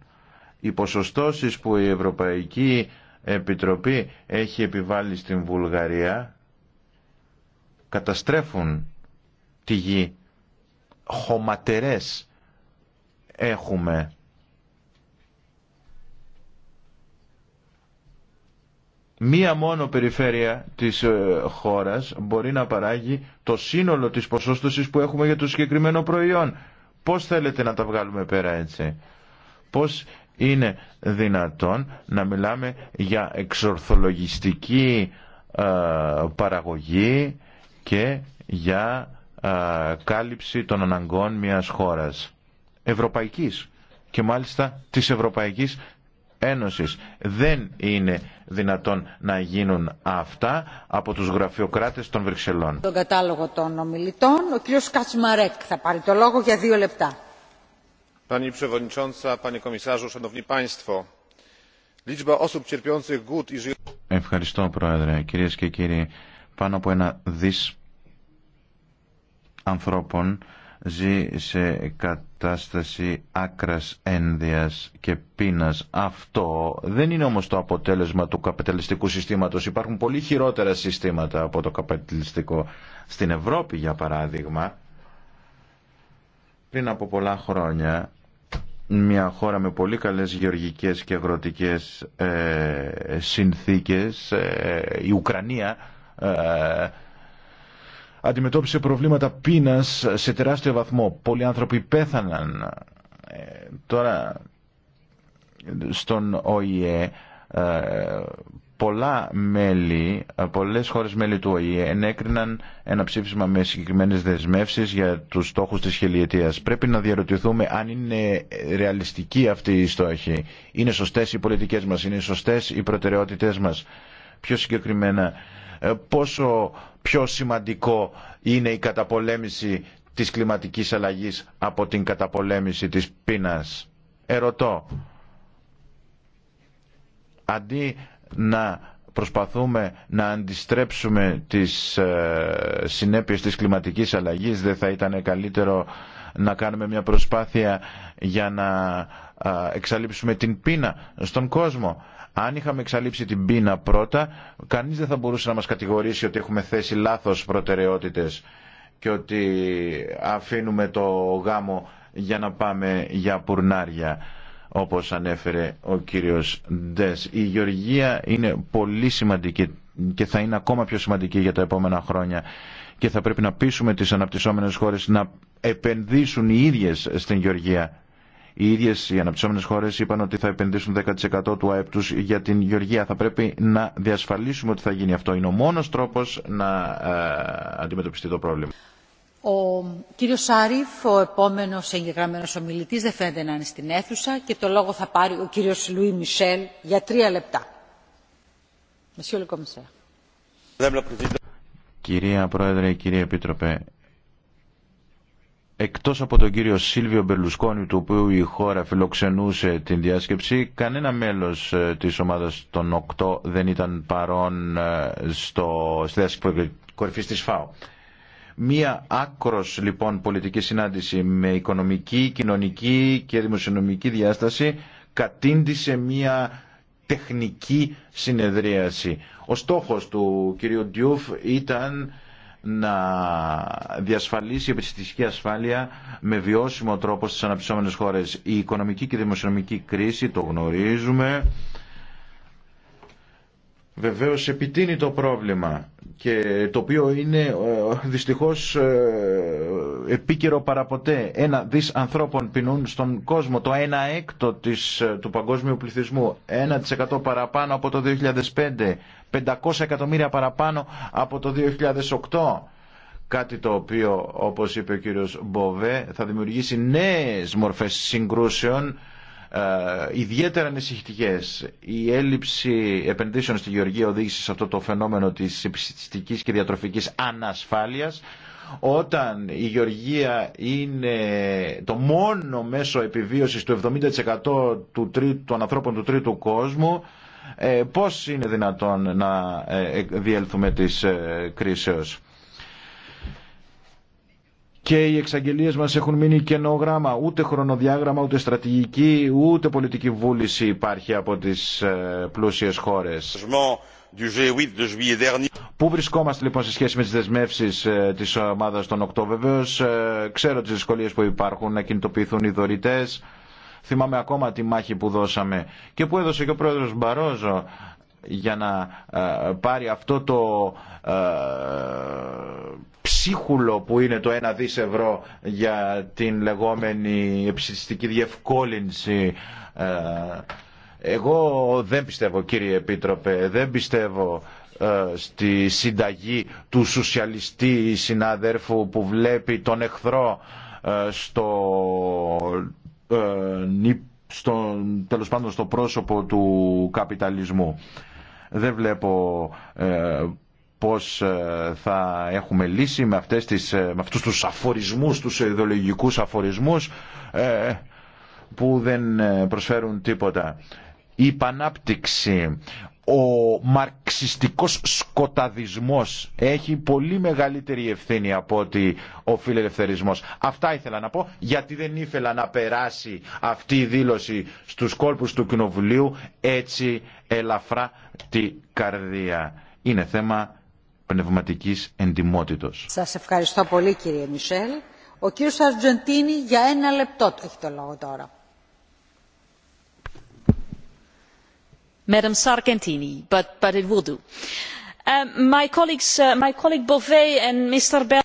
Οι ποσοστώσεις που η Ευρωπαϊκή Επιτροπή έχει επιβάλει στην Βουλγαρία καταστρέφουν τη γη. Χωματερές έχουμε μία μόνο περιφέρεια της ε, χώρας μπορεί να παράγει το σύνολο της ποσόστοσης που έχουμε για το συγκεκριμένο προϊόν. Πώς θέλετε να τα βγάλουμε πέρα έτσι. Πώς είναι δυνατόν να μιλάμε για εξορθολογιστική ε, παραγωγή και για ε, κάλυψη των αναγκών μιας χώρας ευρωπαϊκής και μάλιστα της ευρωπαϊκής Ένωσης. Δεν είναι δυνατόν να γίνουν αυτά από τους γραφειοκράτες των Βρυξελών. Τον κατάλογο των ομιλητών, ο κύριος Κατσμαρέκ θα πάρει το λόγο για δύο λεπτά. Pani Przewodnicząca, Panie Komisarzu, Szanowni Państwo. Liczba osób cierpiących głód i Ευχαριστώ, Πρόεδρε. Κυρίες και κύριοι, πάνω από ένα δις ανθρώπων ζει σε κατάσταση άκρας ένδειας και πείνας. Αυτό δεν είναι όμως το αποτέλεσμα του καπιταλιστικού συστήματος. Υπάρχουν πολύ χειρότερα συστήματα από το καπιταλιστικό. Στην Ευρώπη, για παράδειγμα, πριν από πολλά χρόνια, μια χώρα με πολύ καλές γεωργικές και αγροτικές ε, συνθήκες, ε, η Ουκρανία... Ε, αντιμετώπισε προβλήματα πείνας σε τεράστιο βαθμό. Πολλοί άνθρωποι πέθαναν. Ε, τώρα στον ΟΗΕ ε, πολλά μέλη, ε, πολλές χώρες μέλη του ΟΗΕ ενέκριναν ένα ψήφισμα με συγκεκριμένες δεσμεύσεις για τους στόχους της χιλιετίας. Πρέπει να διαρωτηθούμε αν είναι ρεαλιστική αυτή η στόχη. Είναι σωστές οι πολιτικές μας, είναι σωστές οι προτεραιότητες μας. Πιο συγκεκριμένα, ε, πόσο πιο σημαντικό είναι η καταπολέμηση της κλιματικής αλλαγής από την καταπολέμηση της πείνας. Ερωτώ, αντί να προσπαθούμε να αντιστρέψουμε τις ε, συνέπειες της κλιματικής αλλαγής, δεν θα ήταν καλύτερο να κάνουμε μια προσπάθεια για να ε, εξαλείψουμε την πείνα στον κόσμο. Αν είχαμε εξαλείψει την πείνα πρώτα, κανείς δεν θα μπορούσε να μας κατηγορήσει ότι έχουμε θέσει λάθος προτεραιότητες και ότι αφήνουμε το γάμο για να πάμε για πουρνάρια όπως ανέφερε ο κύριος Ντες. Η γεωργία είναι πολύ σημαντική και θα είναι ακόμα πιο σημαντική για τα επόμενα χρόνια και θα πρέπει να πείσουμε τις αναπτυσσόμενες χώρες να επενδύσουν οι ίδιες στην γεωργία οι ίδιε οι αναπτυσσόμενε χώρε είπαν ότι θα επενδύσουν 10% του ΑΕΠ του για την γεωργία. Θα πρέπει να διασφαλίσουμε ότι θα γίνει αυτό. Είναι ο μόνο τρόπο να ε, αντιμετωπιστεί το πρόβλημα. Ο κύριος Σάριφ, ο επόμενος εγγεγραμμένο ομιλητής, δεν φαίνεται να είναι στην αίθουσα και το λόγο θα πάρει ο κύριο Λουί Μισελ για τρία λεπτά. Κυρία Πρόεδρε, κύριε Επίτροπε, εκτός από τον κύριο Σίλβιο Μπερλουσκόνη του οποίου η χώρα φιλοξενούσε την διάσκεψη κανένα μέλος ε, της ομάδας των 8 δεν ήταν παρόν ε, στο, στη διάσκεψη κορυφής της ΦΑΟ. Μία άκρος λοιπόν πολιτική συνάντηση με οικονομική, κοινωνική και δημοσιονομική διάσταση κατήντησε μία τεχνική συνεδρίαση. Ο στόχος του κυρίου Ντιούφ ήταν να διασφαλίσει επιστημική ασφάλεια με βιώσιμο τρόπο στις αναπτυσσόμενες χώρες. Η οικονομική και δημοσιονομική κρίση, το γνωρίζουμε, βεβαίως επιτείνει το πρόβλημα και το οποίο είναι ε, δυστυχώς ε, επίκαιρο παραποτέ. Ένα δις ανθρώπων πεινούν στον κόσμο, το ένα έκτο της, ε, του παγκόσμιου πληθυσμού, 1% παραπάνω από το 2005, 500 εκατομμύρια παραπάνω από το 2008. Κάτι το οποίο, όπως είπε ο κύριος Μποβέ, θα δημιουργήσει νέες μορφές συγκρούσεων ε, ιδιαίτερα ανησυχητικέ. Η έλλειψη επενδύσεων στη Γεωργία οδήγησε σε αυτό το φαινόμενο της επιστημιστική και διατροφικής ανασφάλειας όταν η γεωργία είναι το μόνο μέσο επιβίωσης του 70% του τρίτου, των ανθρώπων του τρίτου κόσμου, ε, πώς είναι δυνατόν να ε, ε, διέλθουμε της κρίσεως και οι εξαγγελίε μας έχουν μείνει κενό γράμμα. Ούτε χρονοδιάγραμμα, ούτε στρατηγική, ούτε πολιτική βούληση υπάρχει από τις ε, πλούσιες χώρες. Πού βρισκόμαστε λοιπόν σε σχέση με τις δεσμεύσεις ε, της ομάδας των 8 ε, Ξέρω τι δυσκολίε που υπάρχουν να κινητοποιηθούν οι δωρητέ, Θυμάμαι ακόμα τη μάχη που δώσαμε και που έδωσε και ο πρόεδρος Μπαρόζο για να ε, πάρει αυτό το ε, ψίχουλο που είναι το 1 δις ευρώ για την λεγόμενη επιστημιστική διευκόλυνση ε, εγώ δεν πιστεύω κύριε Επίτροπε, δεν πιστεύω στη συνταγή του σοσιαλιστή συναδέρφου που βλέπει τον εχθρό στο, στο, τέλος πάντων στο πρόσωπο του καπιταλισμού. Δεν βλέπω ε, πώς ε, θα έχουμε λύση με, αυτές τις, ε, με αυτούς τους αφορισμούς, τους ιδεολογικούς αφορισμούς που δεν προσφέρουν τίποτα. Η πανάπτυξη, ο μαρξιστικός σκοταδισμός έχει πολύ μεγαλύτερη ευθύνη από ότι ο φιλελευθερισμός. Αυτά ήθελα να πω γιατί δεν ήθελα να περάσει αυτή η δήλωση στους κόλπους του Κοινοβουλίου έτσι ελαφρά τη καρδία. Είναι θέμα πνευματικής εντιμότητος. Σας ευχαριστώ πολύ κύριε Μισελ. Ο κύριος Αρτζεντίνη για ένα λεπτό έχει το λόγο τώρα. Madam Sargentini, but it will do. My colleague bov and Mr. Bell.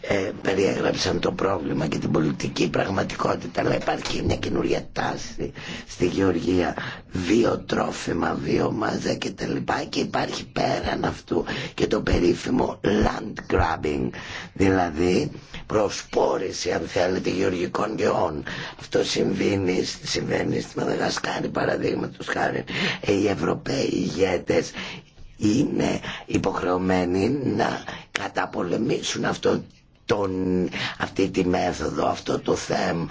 Ε, περιέγραψαν το πρόβλημα και την πολιτική πραγματικότητα αλλά υπάρχει μια καινούρια τάση στη γεωργία βιοτρόφιμα, βιομάζα και τα και υπάρχει πέραν αυτού και το περίφημο land grabbing δηλαδή προσπόρηση αν θέλετε γεωργικών γεών αυτό συμβαίνει, συμβαίνει στη Μαδαγασκάρη παραδείγματος χάρη οι Ευρωπαίοι ηγέτες είναι υποχρεωμένοι να καταπολεμήσουν αυτό τον, αυτή τη μέθοδο, αυτό το θέμα,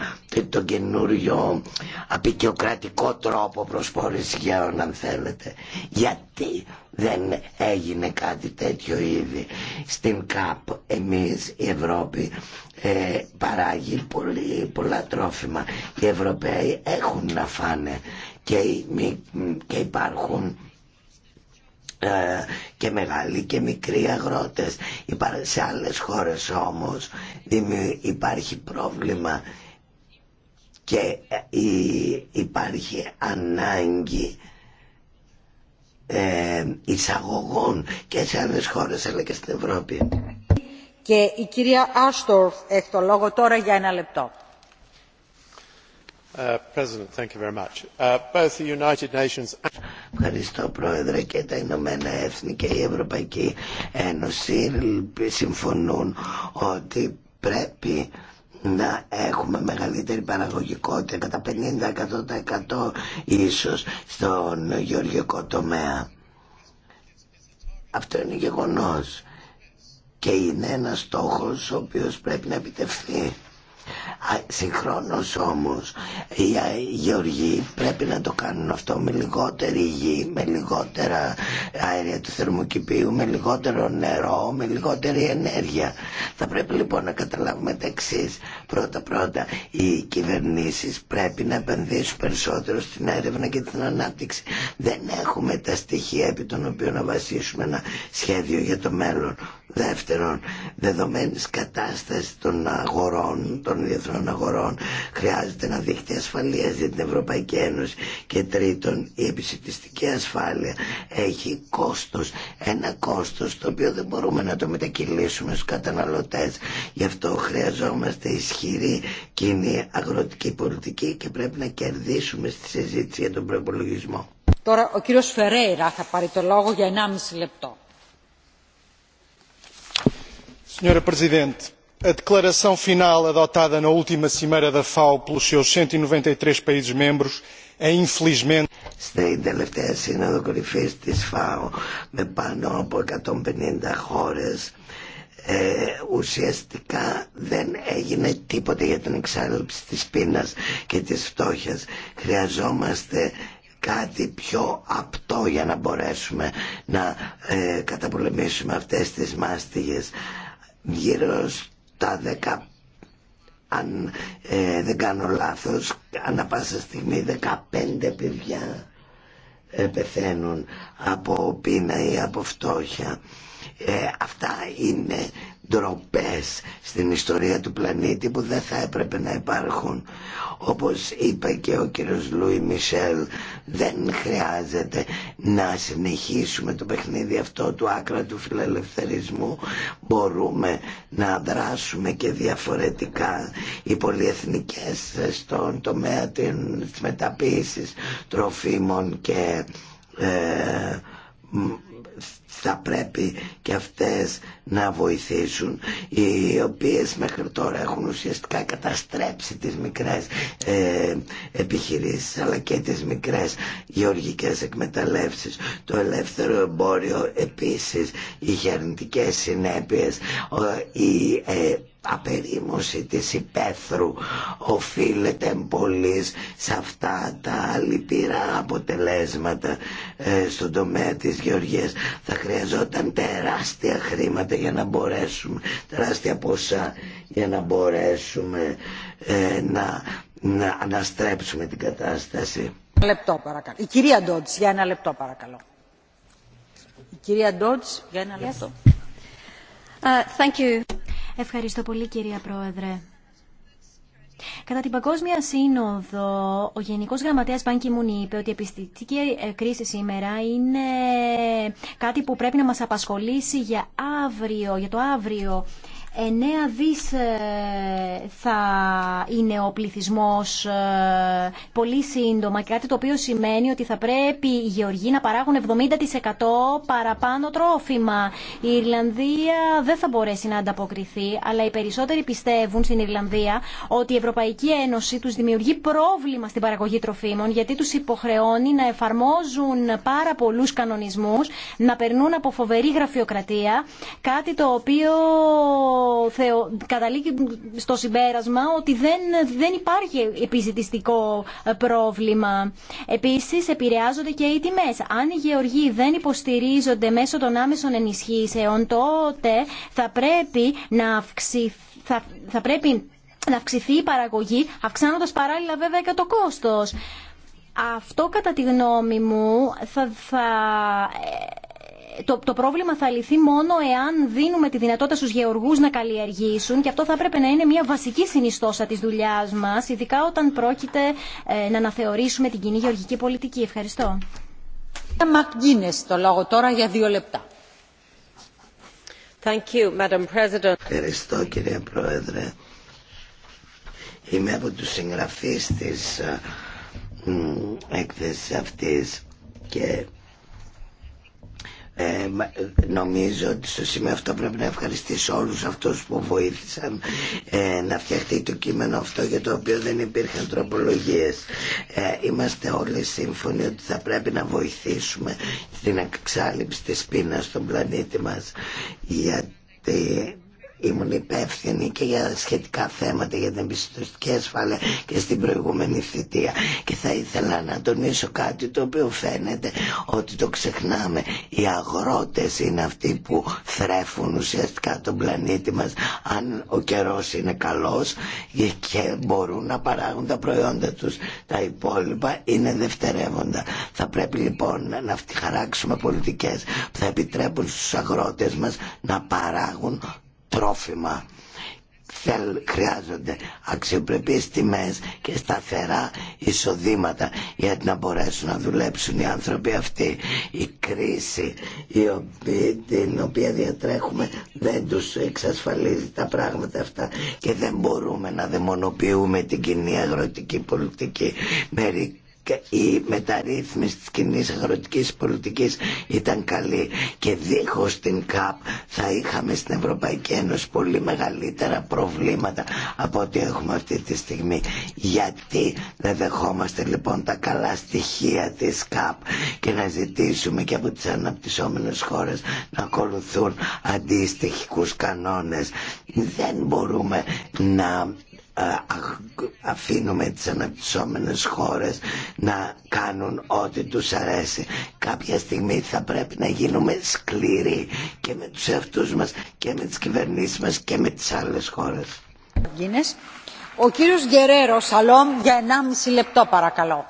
το καινούριο απεικιοκρατικό τρόπο προσπόρηση αν θέλετε. Γιατί δεν έγινε κάτι τέτοιο ήδη. Στην ΚΑΠ εμείς η Ευρώπη ε, παράγει πολύ, πολλά τρόφιμα. Οι Ευρωπαίοι έχουν να φάνε και, και υπάρχουν ε, και μεγάλοι και μικροί αγρότες. Σε άλλες χώρες όμως υπάρχει πρόβλημα και ε, υπάρχει ανάγκη ε, εισαγωγών και σε άλλες χώρες αλλά και στην Ευρώπη. Και η κυρία Άστορφ έχει το λόγο τώρα για ένα λεπτό. Ευχαριστώ Πρόεδρε και τα Ηνωμένα Έθνη και η Ευρωπαϊκή Ένωση συμφωνούν ότι πρέπει να έχουμε μεγαλύτερη παραγωγικότητα κατά 50% ίσως στον γεωργικό τομέα. Αυτό είναι γεγονός και είναι ένας στόχος ο οποίος πρέπει να επιτευχθεί. Συγχρόνως όμως οι γεωργοί πρέπει να το κάνουν αυτό με λιγότερη γη, με λιγότερα αέρια του θερμοκηπίου, με λιγότερο νερό, με λιγότερη ενέργεια. Θα πρέπει λοιπόν να καταλάβουμε τα εξή. Πρώτα-πρώτα οι κυβερνήσεις πρέπει να επενδύσουν περισσότερο στην έρευνα και την ανάπτυξη. Δεν έχουμε τα στοιχεία επί των οποίων να βασίσουμε ένα σχέδιο για το μέλλον. Δεύτερον, δεδομένης κατάσταση των αγορών, των διεθνών αγορών, χρειάζεται ένα δίκτυο ασφαλείας για την Ευρωπαϊκή Ένωση. Και τρίτον, η επισητιστική ασφάλεια έχει κόστος, ένα κόστος το οποίο δεν μπορούμε να το μετακυλήσουμε στους καταναλωτές. Γι' αυτό χρειαζόμαστε ισχύ ισχυρή κοινή αγροτική πολιτική και πρέπει να κερδίσουμε στη συζήτηση για τον προπολογισμό. Τώρα ο κύριος Φερέιρα θα πάρει το λόγο για 1,5 λεπτό. Senhora Presidente, a declaração final adotada na última cimeira da FAO pelos seus 193 e e países membros é infelizmente στην τελευταία σύνοδο κορυφής της ΦΑΟ με πάνω από 150 χώρες ε, ουσιαστικά δεν έγινε τίποτα για την εξάλληψη της πείνας και της φτώχειας. Χρειαζόμαστε κάτι πιο απτό για να μπορέσουμε να ε, καταπολεμήσουμε αυτές τις μάστιγες. Γύρω στα δέκα αν ε, δεν κάνω λάθος, ανά πάσα στιγμή 15 παιδιά ε, πεθαίνουν από πείνα ή από φτώχεια. Ε, αυτά είναι ντροπέ στην ιστορία του πλανήτη που δεν θα έπρεπε να υπάρχουν. Όπως είπε και ο κύριος Λούι Μισελ, δεν χρειάζεται να συνεχίσουμε το παιχνίδι αυτό του άκρα του φιλελευθερισμού. Μπορούμε να δράσουμε και διαφορετικά οι πολυεθνικές στον τομέα της μεταποίησης τροφίμων και... Ε, θα πρέπει και αυτές να βοηθήσουν οι οποίες μέχρι τώρα έχουν ουσιαστικά καταστρέψει τις μικρές ε, επιχειρήσεις αλλά και τις μικρές γεωργικές εκμεταλλεύσεις το ελεύθερο εμπόριο επίσης οι αρνητικές συνέπειες η ε, απερίμωση της υπαίθρου οφείλεται πολύ σε αυτά τα λυπηρά αποτελέσματα ε, στον τομέα της γεωργίας θα χρειαζόταν τεράστια χρήματα για να μπορέσουμε τεράστια ποσά για να μπορέσουμε ε, να, να αναστρέψουμε την κατάσταση. Λεπτό, παρακαλώ. Η κυρία Ντότς, για ένα λεπτό παρακαλώ. Η κυρία Ντότς, για ένα λεπτό. Uh, thank you. Ευχαριστώ πολύ κυρία Πρόεδρε. Κατά την Παγκόσμια Σύνοδο, ο Γενικός Γραμματέας Πάνκι Μουνή είπε ότι η επιστημική κρίση σήμερα είναι κάτι που πρέπει να μας απασχολήσει για αύριο, για το αύριο. 9 δις ε, θα είναι ο πληθυσμός ε, πολύ σύντομα κάτι το οποίο σημαίνει ότι θα πρέπει οι γεωργοί να παράγουν 70% παραπάνω τρόφιμα. Η Ιρλανδία δεν θα μπορέσει να ανταποκριθεί αλλά οι περισσότεροι πιστεύουν στην Ιρλανδία ότι η Ευρωπαϊκή Ένωση τους δημιουργεί πρόβλημα στην παραγωγή τροφίμων γιατί τους υποχρεώνει να εφαρμόζουν πάρα πολλούς κανονισμούς, να περνούν από φοβερή γραφειοκρατία, κάτι το οποίο καταλήγει στο συμπέρασμα ότι δεν, δεν υπάρχει επιζητιστικό ε, πρόβλημα. Επίσης επηρεάζονται και οι τιμές. Αν οι γεωργοί δεν υποστηρίζονται μέσω των άμεσων ενισχύσεων, τότε θα πρέπει να αυξηθεί πρέπει να η παραγωγή, αυξάνοντας παράλληλα βέβαια και το κόστος. Αυτό κατά τη γνώμη μου θα, θα ε, το, το πρόβλημα θα λυθεί μόνο εάν δίνουμε τη δυνατότητα στους γεωργούς να καλλιεργήσουν και αυτό θα έπρεπε να είναι μια βασική συνιστόσα της δουλειά μας, ειδικά όταν πρόκειται ε, να αναθεωρήσουμε την κοινή γεωργική πολιτική. Ευχαριστώ. το τώρα για δύο λεπτά. Ευχαριστώ κύριε Πρόεδρε. Είμαι από τους συγγραφείς της ε, έκθεσης αυτής και ε, νομίζω ότι στο σημείο αυτό πρέπει να ευχαριστήσω όλους αυτούς που βοήθησαν ε, να φτιαχτεί το κείμενο αυτό για το οποίο δεν υπήρχαν τροπολογίες. Ε, είμαστε όλοι σύμφωνοι ότι θα πρέπει να βοηθήσουμε την εξάλληψη της πείνας στον πλανήτη μας γιατί ήμουν υπεύθυνη και για σχετικά θέματα για την εμπιστοστική ασφάλεια και στην προηγούμενη θητεία και θα ήθελα να τονίσω κάτι το οποίο φαίνεται ότι το ξεχνάμε οι αγρότες είναι αυτοί που θρέφουν ουσιαστικά τον πλανήτη μας αν ο καιρός είναι καλός και μπορούν να παράγουν τα προϊόντα τους τα υπόλοιπα είναι δευτερεύοντα θα πρέπει λοιπόν να χαράξουμε πολιτικές που θα επιτρέπουν στους αγρότες μας να παράγουν τρόφιμα θέλ, χρειάζονται αξιοπρεπείς τιμές και σταθερά εισοδήματα για να μπορέσουν να δουλέψουν οι άνθρωποι αυτοί. Η κρίση η οποία, την οποία διατρέχουμε δεν τους εξασφαλίζει τα πράγματα αυτά και δεν μπορούμε να δαιμονοποιούμε την κοινή αγροτική πολιτική. μερικά η μεταρρύθμιση της κοινή αγροτικής πολιτικής ήταν καλή και δίχως την ΚΑΠ θα είχαμε στην Ευρωπαϊκή Ένωση πολύ μεγαλύτερα προβλήματα από ό,τι έχουμε αυτή τη στιγμή. Γιατί δεν δεχόμαστε λοιπόν τα καλά στοιχεία της ΚΑΠ και να ζητήσουμε και από τις αναπτυσσόμενες χώρες να ακολουθούν αντίστοιχους κανόνες. Δεν μπορούμε να ε, αφήνουμε τις αναπτυσσόμενες χώρες να κάνουν ό,τι τους αρέσει. Κάποια στιγμή θα πρέπει να γίνουμε σκληροί και με τους εαυτούς μας και με τις κυβερνήσεις μας και με τις άλλες χώρες. Ο Γκερέρο Σαλόμ για 1,5 λεπτό παρακαλώ.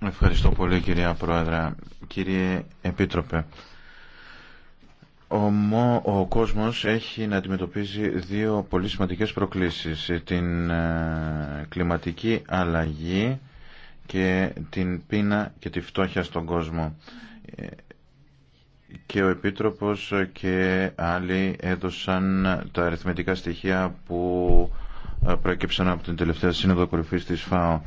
Ευχαριστώ πολύ κυρία Πρόεδρα. Κύριε Επίτροπε, ομό, ο κόσμος έχει να αντιμετωπίζει δύο πολύ σημαντικές προκλήσεις. Την ε, κλιματική αλλαγή και την πείνα και τη φτώχεια στον κόσμο. Ε, και ο Επίτροπος και άλλοι έδωσαν τα αριθμητικά στοιχεία που ε, προέκυψαν από την τελευταία σύνοδο κορυφής της ΦΑΟ.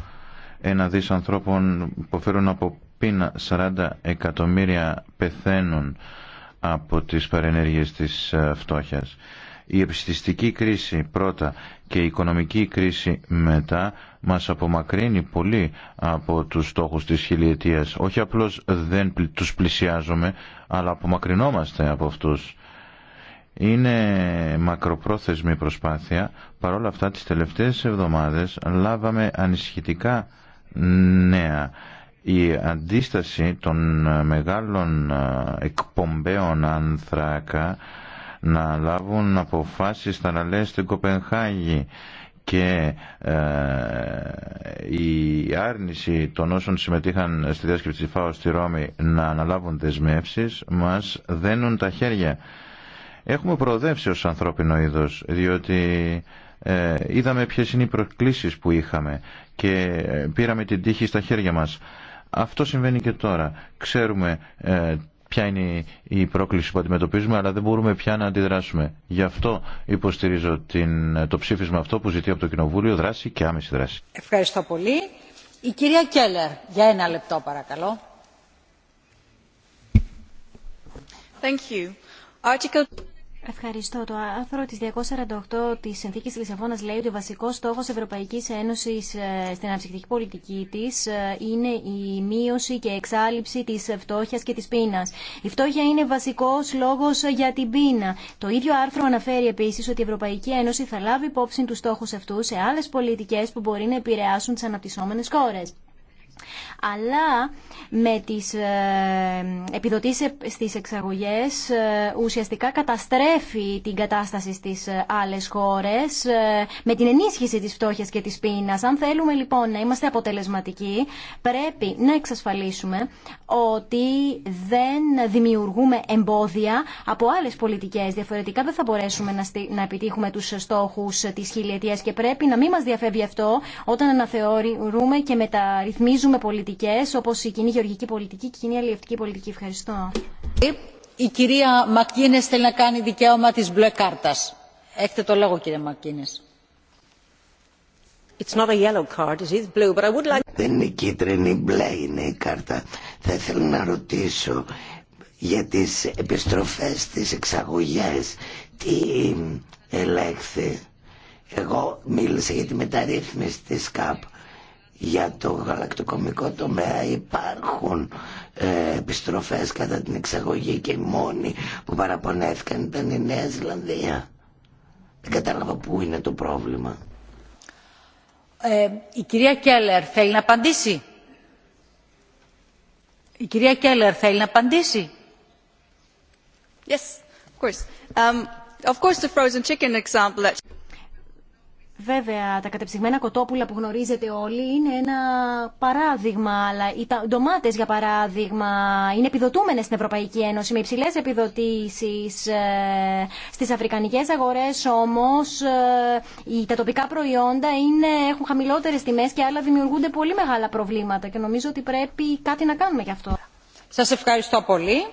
Ένα δις ανθρώπων υποφέρουν από πείνα, 40 εκατομμύρια πεθαίνουν από τις παρενέργειες της ε, φτώχειας. Η επιστηστική κρίση πρώτα και η οικονομική κρίση μετά μας απομακρύνει πολύ από τους στόχους της χιλιετίας. Όχι απλώς δεν τους πλησιάζουμε, αλλά απομακρυνόμαστε από αυτούς. Είναι μακροπρόθεσμη προσπάθεια. Παρ' όλα αυτά τις τελευταίες εβδομάδες λάβαμε ανησυχητικά νέα η αντίσταση των ε, μεγάλων ε, εκπομπέων ανθράκα να λάβουν αποφάσεις θαραλές στην Κοπενχάγη και ε, η άρνηση των όσων συμμετείχαν στη διάσκεψη της ΦΑΟ στη Ρώμη να αναλάβουν δεσμεύσεις μας δένουν τα χέρια. Έχουμε προοδεύσει ως ανθρώπινο είδος διότι είδαμε ποιες είναι οι προκλήσεις που είχαμε και πήραμε την τύχη στα χέρια μας. Αυτό συμβαίνει και τώρα. Ξέρουμε ε, ποια είναι η πρόκληση που αντιμετωπίζουμε, αλλά δεν μπορούμε πια να αντιδράσουμε. Γι' αυτό υποστηρίζω την, το ψήφισμα αυτό που ζητεί από το Κοινοβούλιο δράση και άμεση δράση. Ευχαριστώ πολύ. Η κυρία Κέλλερ, για ένα λεπτό παρακαλώ. Thank you. Article... Ευχαριστώ. Το άρθρο τη 248 της Συνθήκης της λέει ότι ο βασικός στόχος Ευρωπαϊκής Ένωση ε, στην αναψυκτική πολιτική της ε, είναι η μείωση και εξάλληψη της φτώχεια και της πείνα. Η φτώχεια είναι βασικός λόγος για την πείνα. Το ίδιο άρθρο αναφέρει επίσης ότι η Ευρωπαϊκή Ένωση θα λάβει υπόψη του στόχου αυτού σε άλλε πολιτικέ που μπορεί να επηρεάσουν τι αναπτυσσόμενες χώρες αλλά με τις ε, επιδοτήσεις στις εξαγωγές ε, ουσιαστικά καταστρέφει την κατάσταση στις ε, άλλες χώρες με την ενίσχυση της φτώχειας και της πείνας. Αν θέλουμε λοιπόν να είμαστε αποτελεσματικοί πρέπει να εξασφαλίσουμε ότι δεν δημιουργούμε εμπόδια από άλλες πολιτικές. Διαφορετικά δεν θα μπορέσουμε να επιτύχουμε τους στόχους της χιλιετίας και πρέπει να μην μας διαφεύγει αυτό όταν αναθεωρούμε και μεταρρυθμίζουμε με πολιτικές όπως η κοινή γεωργική πολιτική και η κοινή αλληλευτική πολιτική. Ευχαριστώ. Η κυρία Μακίνε θέλει να κάνει δικαίωμα της μπλε κάρτας. Έχετε το λόγο κύριε Μακίνε. like... Δεν είναι κίτρινη, μπλε είναι η κάρτα. Θα ήθελα να ρωτήσω για τις επιστροφές, τις εξαγωγές, τι ελέγχθη. Εγώ μίλησα για τη μεταρρύθμιση της ΚΑΠ για το γαλακτοκομικό τομέα υπάρχουν ε, επιστροφές κατά την εξαγωγή και οι μόνοι που παραπονέθηκαν ήταν η Νέα Ζηλανδία. Δεν κατάλαβα πού είναι το πρόβλημα. Ε, η κυρία Κέλλερ θέλει να απαντήσει. Η κυρία Κέλλερ θέλει να απαντήσει. Yes, of course. Um, of course the frozen chicken example. Βέβαια, τα κατεψυγμένα κοτόπουλα που γνωρίζετε όλοι είναι ένα παράδειγμα, αλλά οι ντομάτε, για παράδειγμα, είναι επιδοτούμενε στην Ευρωπαϊκή Ένωση με υψηλέ επιδοτήσει. Ε, Στι αφρικανικέ αγορέ όμω ε, τα τοπικά προϊόντα είναι, έχουν χαμηλότερε τιμέ και άλλα δημιουργούνται πολύ μεγάλα προβλήματα και νομίζω ότι πρέπει κάτι να κάνουμε γι' αυτό. Σα ευχαριστώ πολύ.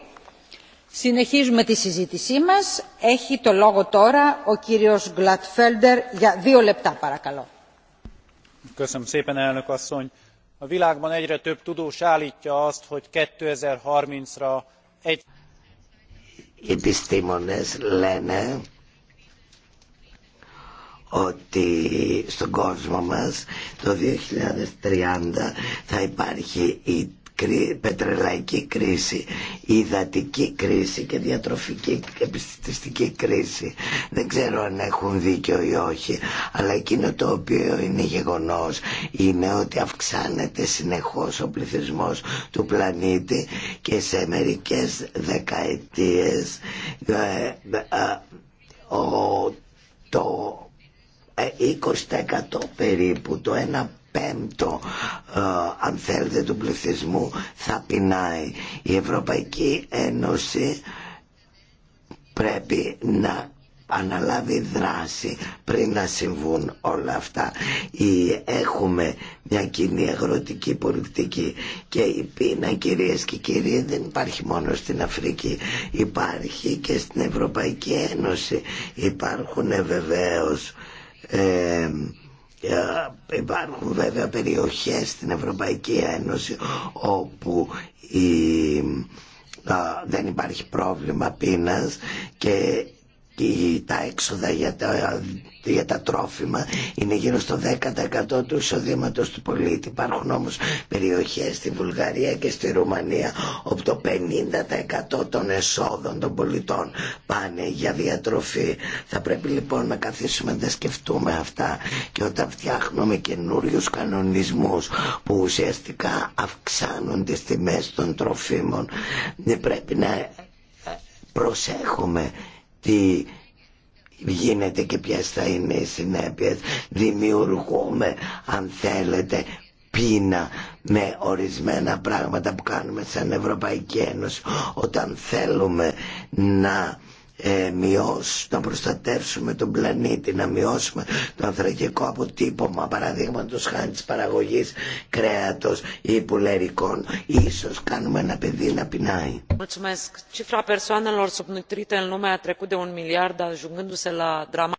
Συνεχίζουμε τη συζήτησή μας. Έχει το λόγο τώρα ο κύριος Γκλατφέλντερ για δύο λεπτά παρακαλώ. A világban egyre több tudós állítja azt, hogy 2030-ra egy... Οι επιστήμονες λένε ότι στον κόσμο μας το 2030 θα υπάρχει η πετρελαϊκή κρίση, υδατική κρίση και διατροφική και επιστημιστική κρίση. Δεν ξέρω αν έχουν δίκιο ή όχι, αλλά εκείνο το οποίο είναι γεγονός είναι ότι αυξάνεται συνεχώς ο πληθυσμός του πλανήτη και σε μερικές δεκαετίες ε, ε, το 20% ε, περίπου, το 1 πέμπτο ε, αν θέλετε του πληθυσμού θα πεινάει η Ευρωπαϊκή Ένωση πρέπει να αναλάβει δράση πριν να συμβούν όλα αυτά. Ή έχουμε μια κοινή αγροτική πολιτική και η πείνα κυρίες και κύριοι δεν υπάρχει μόνο στην Αφρική. Υπάρχει και στην Ευρωπαϊκή Ένωση. Υπάρχουν ε, βεβαίως... Ε, ε, υπάρχουν βέβαια περιοχές στην Ευρωπαϊκή Ένωση όπου η, ε, δεν υπάρχει πρόβλημα πείνας και και τα έξοδα για τα, τρόφιμα είναι γύρω στο 10% του εισοδήματος του πολίτη. Υπάρχουν όμως περιοχές στη Βουλγαρία και στη Ρουμανία όπου το 50% των εσόδων των πολιτών πάνε για διατροφή. Θα πρέπει λοιπόν να καθίσουμε να τα σκεφτούμε αυτά και όταν φτιάχνουμε καινούριου κανονισμούς που ουσιαστικά αυξάνουν τις τιμές των τροφίμων ε, πρέπει να ε, προσέχουμε τι γίνεται και ποιες θα είναι οι συνέπειες. Δημιουργούμε, αν θέλετε, πείνα με ορισμένα πράγματα που κάνουμε σαν Ευρωπαϊκή Ένωση όταν θέλουμε να ε, να προστατεύσουμε τον πλανήτη, να μειώσουμε το ανθρακικό αποτύπωμα παραδείγματο χάρη τη παραγωγή κρέατο ή πουλερικών. σω κάνουμε ένα παιδί να πεινάει. subnutrite în trecut de ajungându-se la drama.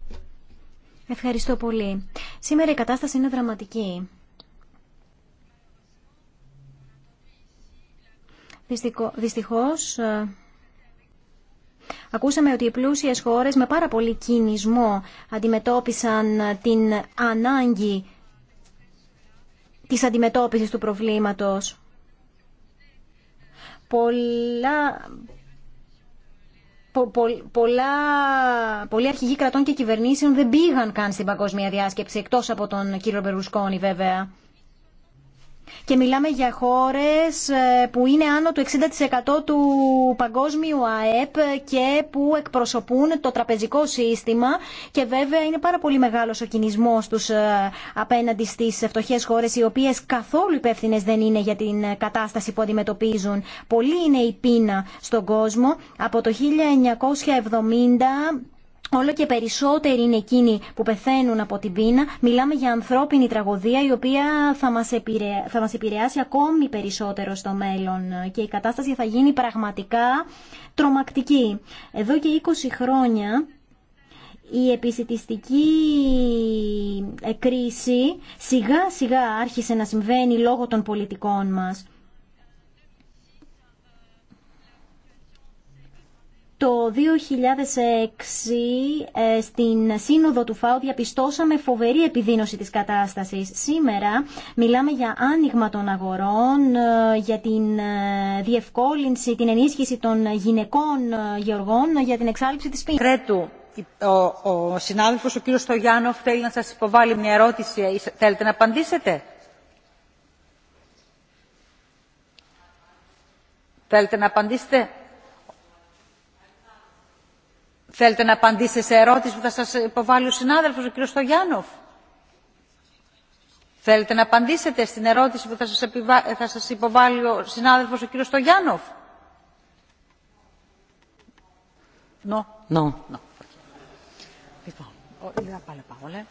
Ευχαριστώ πολύ. Σήμερα η κατάσταση είναι δραματική. Δυστυχώς, ε, Ακούσαμε ότι οι πλούσιες χώρες με πάρα πολύ κινησμό αντιμετώπισαν την ανάγκη της αντιμετώπισης του προβλήματος. Πολλά, πολλά, πολλοί αρχηγοί κρατών και κυβερνήσεων δεν πήγαν καν στην παγκόσμια διάσκεψη, εκτός από τον κύριο Μπερουσκόνη βέβαια. Και μιλάμε για χώρες ε, που είναι άνω του 60% του παγκόσμιου ΑΕΠ και που εκπροσωπούν το τραπεζικό σύστημα και βέβαια είναι πάρα πολύ μεγάλος ο κινησμός τους ε, απέναντι στις φτωχέ χώρες οι οποίες καθόλου υπεύθυνε δεν είναι για την ε, κατάσταση που αντιμετωπίζουν. Πολύ είναι η πείνα στον κόσμο. Από το 1970 Όλο και περισσότεροι είναι εκείνοι που πεθαίνουν από την πείνα. Μιλάμε για ανθρώπινη τραγωδία η οποία θα μας, επηρεάσει, θα μας ακόμη περισσότερο στο μέλλον και η κατάσταση θα γίνει πραγματικά τρομακτική. Εδώ και 20 χρόνια η επισητιστική κρίση σιγά σιγά άρχισε να συμβαίνει λόγω των πολιτικών μας. Το 2006 ε, στην Σύνοδο του ΦΑΟ διαπιστώσαμε φοβερή επιδείνωση της κατάστασης. Σήμερα μιλάμε για άνοιγμα των αγορών, ε, για την ε, διευκόλυνση, την ενίσχυση των γυναικών γεωργών, για την εξάλληψη της πίνης. Κρέτου, ο, ο συνάδελφος ο κύριος Στογιάνοφ θέλει να σας υποβάλει μια ερώτηση. Θέλετε να απαντήσετε. Θέλετε να απαντήσετε. Θέλετε να απαντήσετε σε ερώτηση που θα σας υποβάλει ο συνάδελφος, ο κ. Στογιάννοφ. Θέλετε να απαντήσετε στην ερώτηση που θα σας, υποβάλει ο συνάδελφος, ο κ. Στογιάννοφ. Λοιπόν, ε.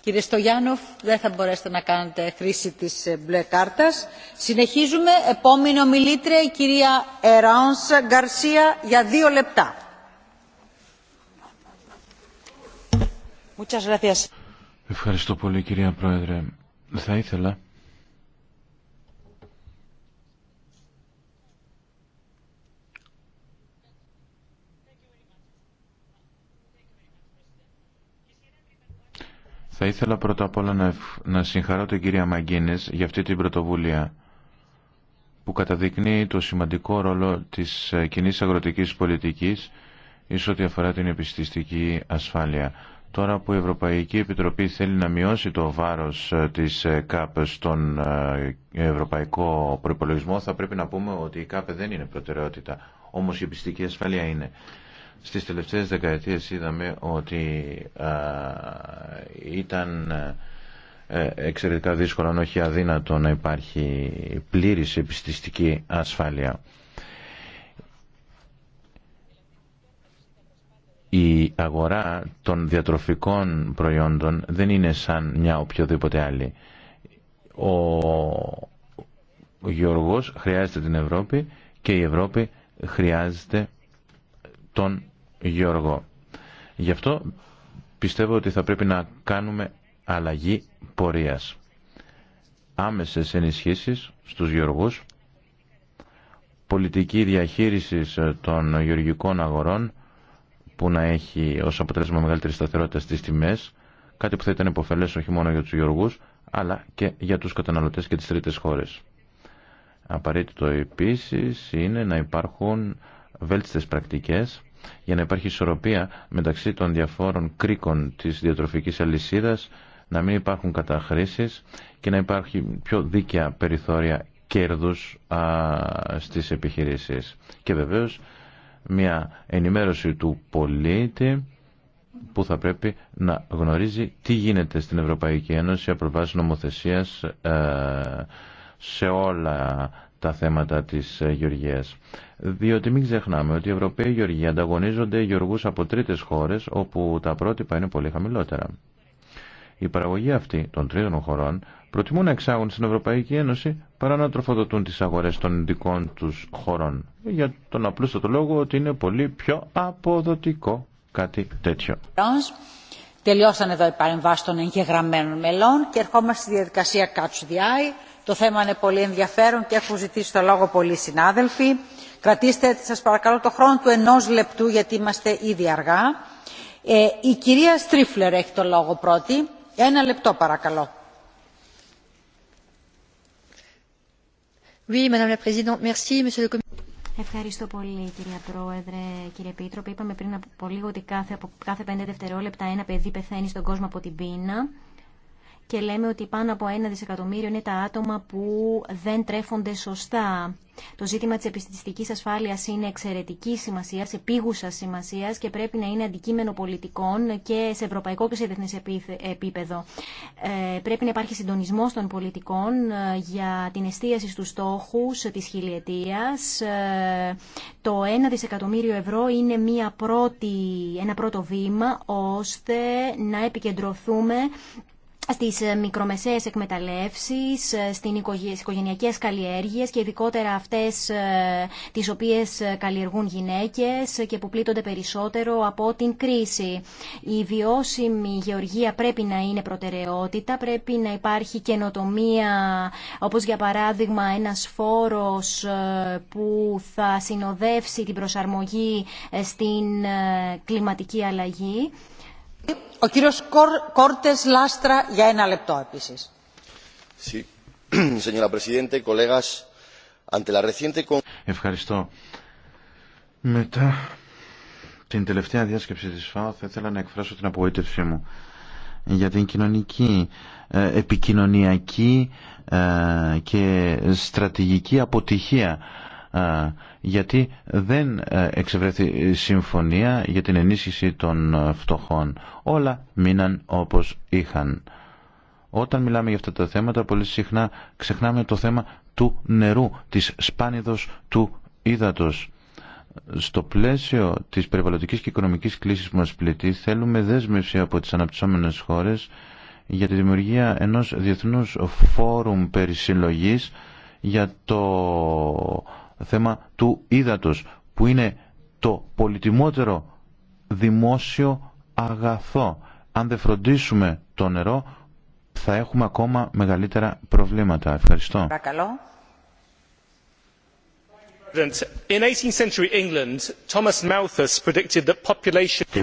Κύριε Στογιάννοφ, δεν θα μπορέσετε να κάνετε χρήση της ε, μπλε κάρτας. Συνεχίζουμε. Επόμενη ομιλήτρια, η κυρία Εράνς Γκαρσία, για δύο λεπτά. Ευχαριστώ πολύ κυρία Πρόεδρε. Θα ήθελα Θα ήθελα πρώτα απ' όλα να, συγχαρώ την κυρία Μαγκίνες για αυτή την πρωτοβουλία που καταδεικνύει το σημαντικό ρόλο της ε, κοινής αγροτικής πολιτικής εις ό,τι αφορά την επιστηστική ασφάλεια. Τώρα που η Ευρωπαϊκή Επιτροπή θέλει να μειώσει το βάρος ε, της ε, ΚΑΠ στον ε, ευρωπαϊκό προϋπολογισμό, θα πρέπει να πούμε ότι η ΚΑΠ δεν είναι προτεραιότητα, όμως η πιστική ασφαλεία είναι. Στις τελευταίες δεκαετίες είδαμε ότι ήταν εξαιρετικά δύσκολο, αν όχι αδύνατο, να υπάρχει πλήρης επιστηστική ασφάλεια. η αγορά των διατροφικών προϊόντων δεν είναι σαν μια οποιοδήποτε άλλη. Ο, ο Γεωργός χρειάζεται την Ευρώπη και η Ευρώπη χρειάζεται τον Γεωργό. Γι' αυτό πιστεύω ότι θα πρέπει να κάνουμε αλλαγή πορείας. Άμεσες ενισχύσεις στους Γεωργούς, πολιτική διαχείριση των γεωργικών αγορών, που να έχει ως αποτέλεσμα μεγαλύτερη σταθερότητα στι τιμές, κάτι που θα ήταν υποφελέ όχι μόνο για τους γεωργού, αλλά και για τους καταναλωτές και τις τρίτες χώρες. Απαραίτητο επίσης είναι να υπάρχουν βέλτιστες πρακτικές για να υπάρχει ισορροπία μεταξύ των διαφόρων κρίκων της διατροφικής αλυσίδα να μην υπάρχουν καταχρήσει και να υπάρχει πιο δίκαια περιθώρια κέρδους στι στις επιχειρήσεις. Και βεβαίως μια ενημέρωση του πολίτη που θα πρέπει να γνωρίζει τι γίνεται στην Ευρωπαϊκή Ένωση από βάση νομοθεσίας ε, σε όλα τα θέματα της ε, Γεωργίας. Διότι μην ξεχνάμε ότι οι Ευρωπαίοι Γεωργοί ανταγωνίζονται γεωργούς από τρίτες χώρες όπου τα πρότυπα είναι πολύ χαμηλότερα. Η παραγωγή αυτή των τρίτων χωρών προτιμούν να εξάγουν στην Ευρωπαϊκή Ένωση παρά να τροφοδοτούν τις αγορές των ειδικών τους χωρών. Για τον απλούστατο λόγο ότι είναι πολύ πιο αποδοτικό κάτι τέτοιο. Τελειώσαν εδώ οι παρεμβάσει των εγγεγραμμένων μελών και ερχόμαστε στη διαδικασία Catch the Eye. Το θέμα είναι πολύ ενδιαφέρον και έχουν ζητήσει το λόγο πολλοί συνάδελφοι. Κρατήστε σας παρακαλώ το χρόνο του ενός λεπτού γιατί είμαστε ήδη αργά. Ε, η κυρία Στρίφλερ έχει το λόγο πρώτη παρακαλώ. Ευχαριστώ πολύ κυρία Πρόεδρε, κύριε Επίτροπε. Είπαμε πριν από λίγο ότι κάθε, πέντε δευτερόλεπτα ένα παιδί πεθαίνει στον κόσμο από την πείνα και λέμε ότι πάνω από ένα δισεκατομμύριο είναι τα άτομα που δεν τρέφονται σωστά. Το ζήτημα της επιστημιστικής ασφάλειας είναι εξαιρετική σημασία, επίγουσα σημασία και πρέπει να είναι αντικείμενο πολιτικών και σε ευρωπαϊκό και σε διεθνές επίπεδο. Ε, πρέπει να υπάρχει συντονισμός των πολιτικών ε, για την εστίαση στους στόχους της χιλιετίας. Ε, το 1 δισεκατομμύριο ευρώ είναι μια πρώτη, ένα πρώτο βήμα ώστε να επικεντρωθούμε στις ε, μικρομεσαίες εκμεταλλεύσεις, ε, στις οικογενειακές καλλιέργειες και ειδικότερα αυτές ε, τις οποίες καλλιεργούν γυναίκες και που πλήττονται περισσότερο από την κρίση. Η βιώσιμη γεωργία πρέπει να είναι προτεραιότητα, πρέπει να υπάρχει καινοτομία, όπως για παράδειγμα ένας φόρος που θα συνοδεύσει την προσαρμογή στην κλιματική αλλαγή ο κύριος Κόρτες Λάστρα για ένα λεπτό επίσης. Ευχαριστώ. Μετά την τελευταία διάσκεψη της ΦΑΟ θα ήθελα να εκφράσω την απογοήτευσή μου για την κοινωνική, ε, επικοινωνιακή ε, και στρατηγική αποτυχία γιατί δεν ε, εξευρεθεί συμφωνία για την ενίσχυση των ε, φτωχών. Όλα μείναν όπως είχαν. Όταν μιλάμε για αυτά τα θέματα, πολύ συχνά ξεχνάμε το θέμα του νερού, της σπάνιδος του ύδατος. Στο πλαίσιο της περιβαλλοντικής και οικονομικής κλίσης που μας πληττεί, θέλουμε δέσμευση από τις αναπτυσσόμενες χώρες για τη δημιουργία ενός διεθνούς φόρουμ περισυλλογής για το θέμα του ύδατος που είναι το πολυτιμότερο δημόσιο αγαθό. Αν δεν φροντίσουμε το νερό θα έχουμε ακόμα μεγαλύτερα προβλήματα. Ευχαριστώ. Παρακαλώ. Στην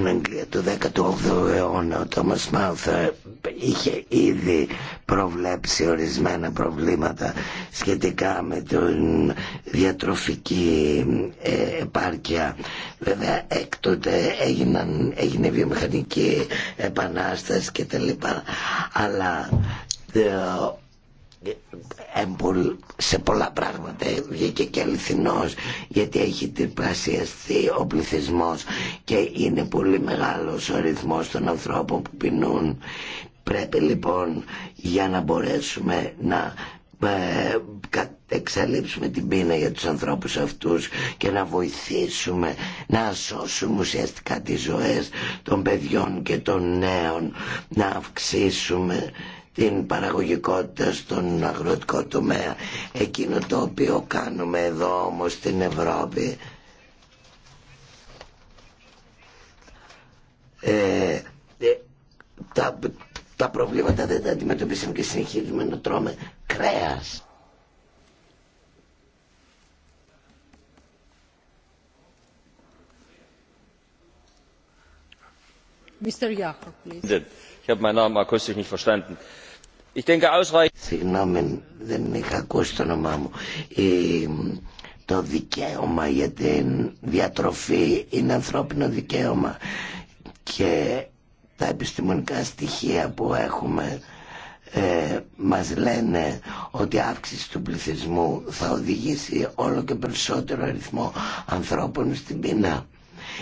Αγγλία του 18ου αιώνα ο Τόμας Μάουθα είχε ήδη προβλέψει ορισμένα προβλήματα σχετικά με την διατροφική ε, επάρκεια. Βέβαια έκτοτε έγιναν, έγινε βιομηχανική επανάσταση κτλ. Αλλά ε, ε, ε, σε πολλά πράγματα βγήκε και αληθινός γιατί έχει τριπλασιαστεί ο πληθυσμός και είναι πολύ μεγάλος ο ρυθμός των ανθρώπων που πεινούν πρέπει λοιπόν για να μπορέσουμε να ε, εξαλείψουμε την πείνα για τους ανθρώπους αυτούς και να βοηθήσουμε να σώσουμε ουσιαστικά τις ζωές των παιδιών και των νέων να αυξήσουμε την παραγωγικότητα στον αγροτικό τομέα. Εκείνο το οποίο κάνουμε εδώ όμως στην Ευρώπη ε, ε, τα, τα προβλήματα δεν τα αντιμετωπίσαμε και συνεχίζουμε να τρώμε κρέας. Mr. Jakob, please. Ich habe meinen Namen akustisch nicht verstanden. Συγγνώμη, δεν είχα ακούσει το όνομά μου. το δικαίωμα για την διατροφή είναι ανθρώπινο δικαίωμα και τα επιστημονικά στοιχεία που έχουμε ε, μας λένε ότι η αύξηση του πληθυσμού θα οδηγήσει όλο και περισσότερο αριθμό ανθρώπων στην πείνα.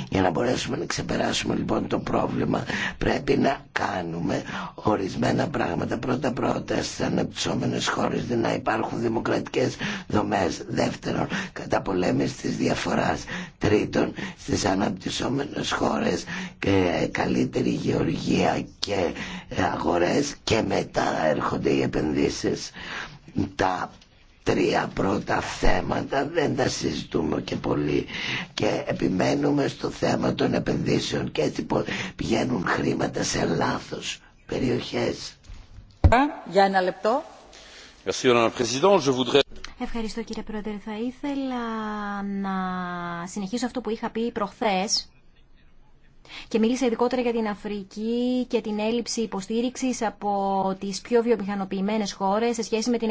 Για να μπορέσουμε να ξεπεράσουμε λοιπόν το πρόβλημα πρέπει να κάνουμε ορισμένα πράγματα. Πρώτα πρώτα στις αναπτυσσόμενες χώρες να υπάρχουν δημοκρατικές δομές. Δεύτερον, κατά καταπολέμηση της διαφοράς. Τρίτον, στις αναπτυσσόμενες χώρες ε, καλύτερη γεωργία και ε, αγορές και μετά έρχονται οι επενδύσεις. Τα τρία πρώτα θέματα δεν τα συζητούμε και πολύ και επιμένουμε στο θέμα των επενδύσεων και έτσι πηγαίνουν χρήματα σε λάθος περιοχές. Για ένα λεπτό. Ευχαριστώ κύριε Πρόεδρε. Θα ήθελα να συνεχίσω αυτό που είχα πει προχθές και μίλησε ειδικότερα για την Αφρική και την έλλειψη υποστήριξης από τις πιο βιομηχανοποιημένες χώρες σε σχέση με την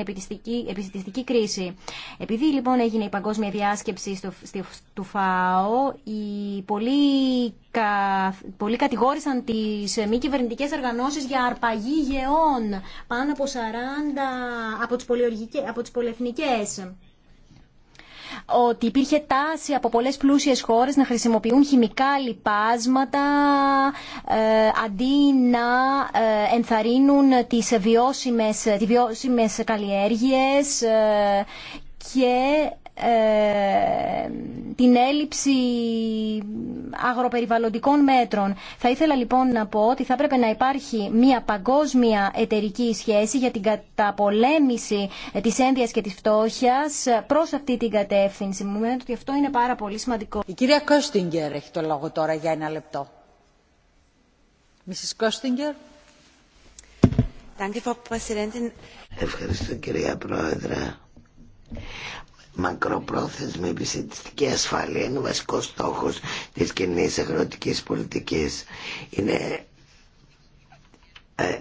επιστημιστική κρίση. Επειδή λοιπόν έγινε η παγκόσμια διάσκεψη στο, του ΦΑΟ, οι πολλοί, πολλοί κατηγόρησαν τις μη κυβερνητικέ οργανώσεις για αρπαγή γεών πάνω από 40 από τις, από τις ότι υπήρχε τάση από πολλές πλούσιες χώρες να χρησιμοποιούν χημικά λιπάσματα ε, αντί να ε, ενθαρρύνουν τις βιώσιμες, τις βιώσιμες καλλιέργειες ε, και ε, την έλλειψη αγροπεριβαλλοντικών μέτρων. Θα ήθελα λοιπόν να πω ότι θα έπρεπε να υπάρχει μια παγκόσμια εταιρική σχέση για την καταπολέμηση της ένδυας και της φτώχειας προς αυτή την κατεύθυνση. Μου λένε ότι αυτό είναι πάρα πολύ σημαντικό. Η κυρία Κόστιγκερ έχει το λόγο τώρα για ένα λεπτό. Mrs. Köstinger. Ευχαριστώ κυρία Πρόεδρε μακροπρόθεσμη επιστημιστική ασφάλεια είναι ο βασικός στόχος της κοινή αγροτικής πολιτικής. Είναι, ε, ε,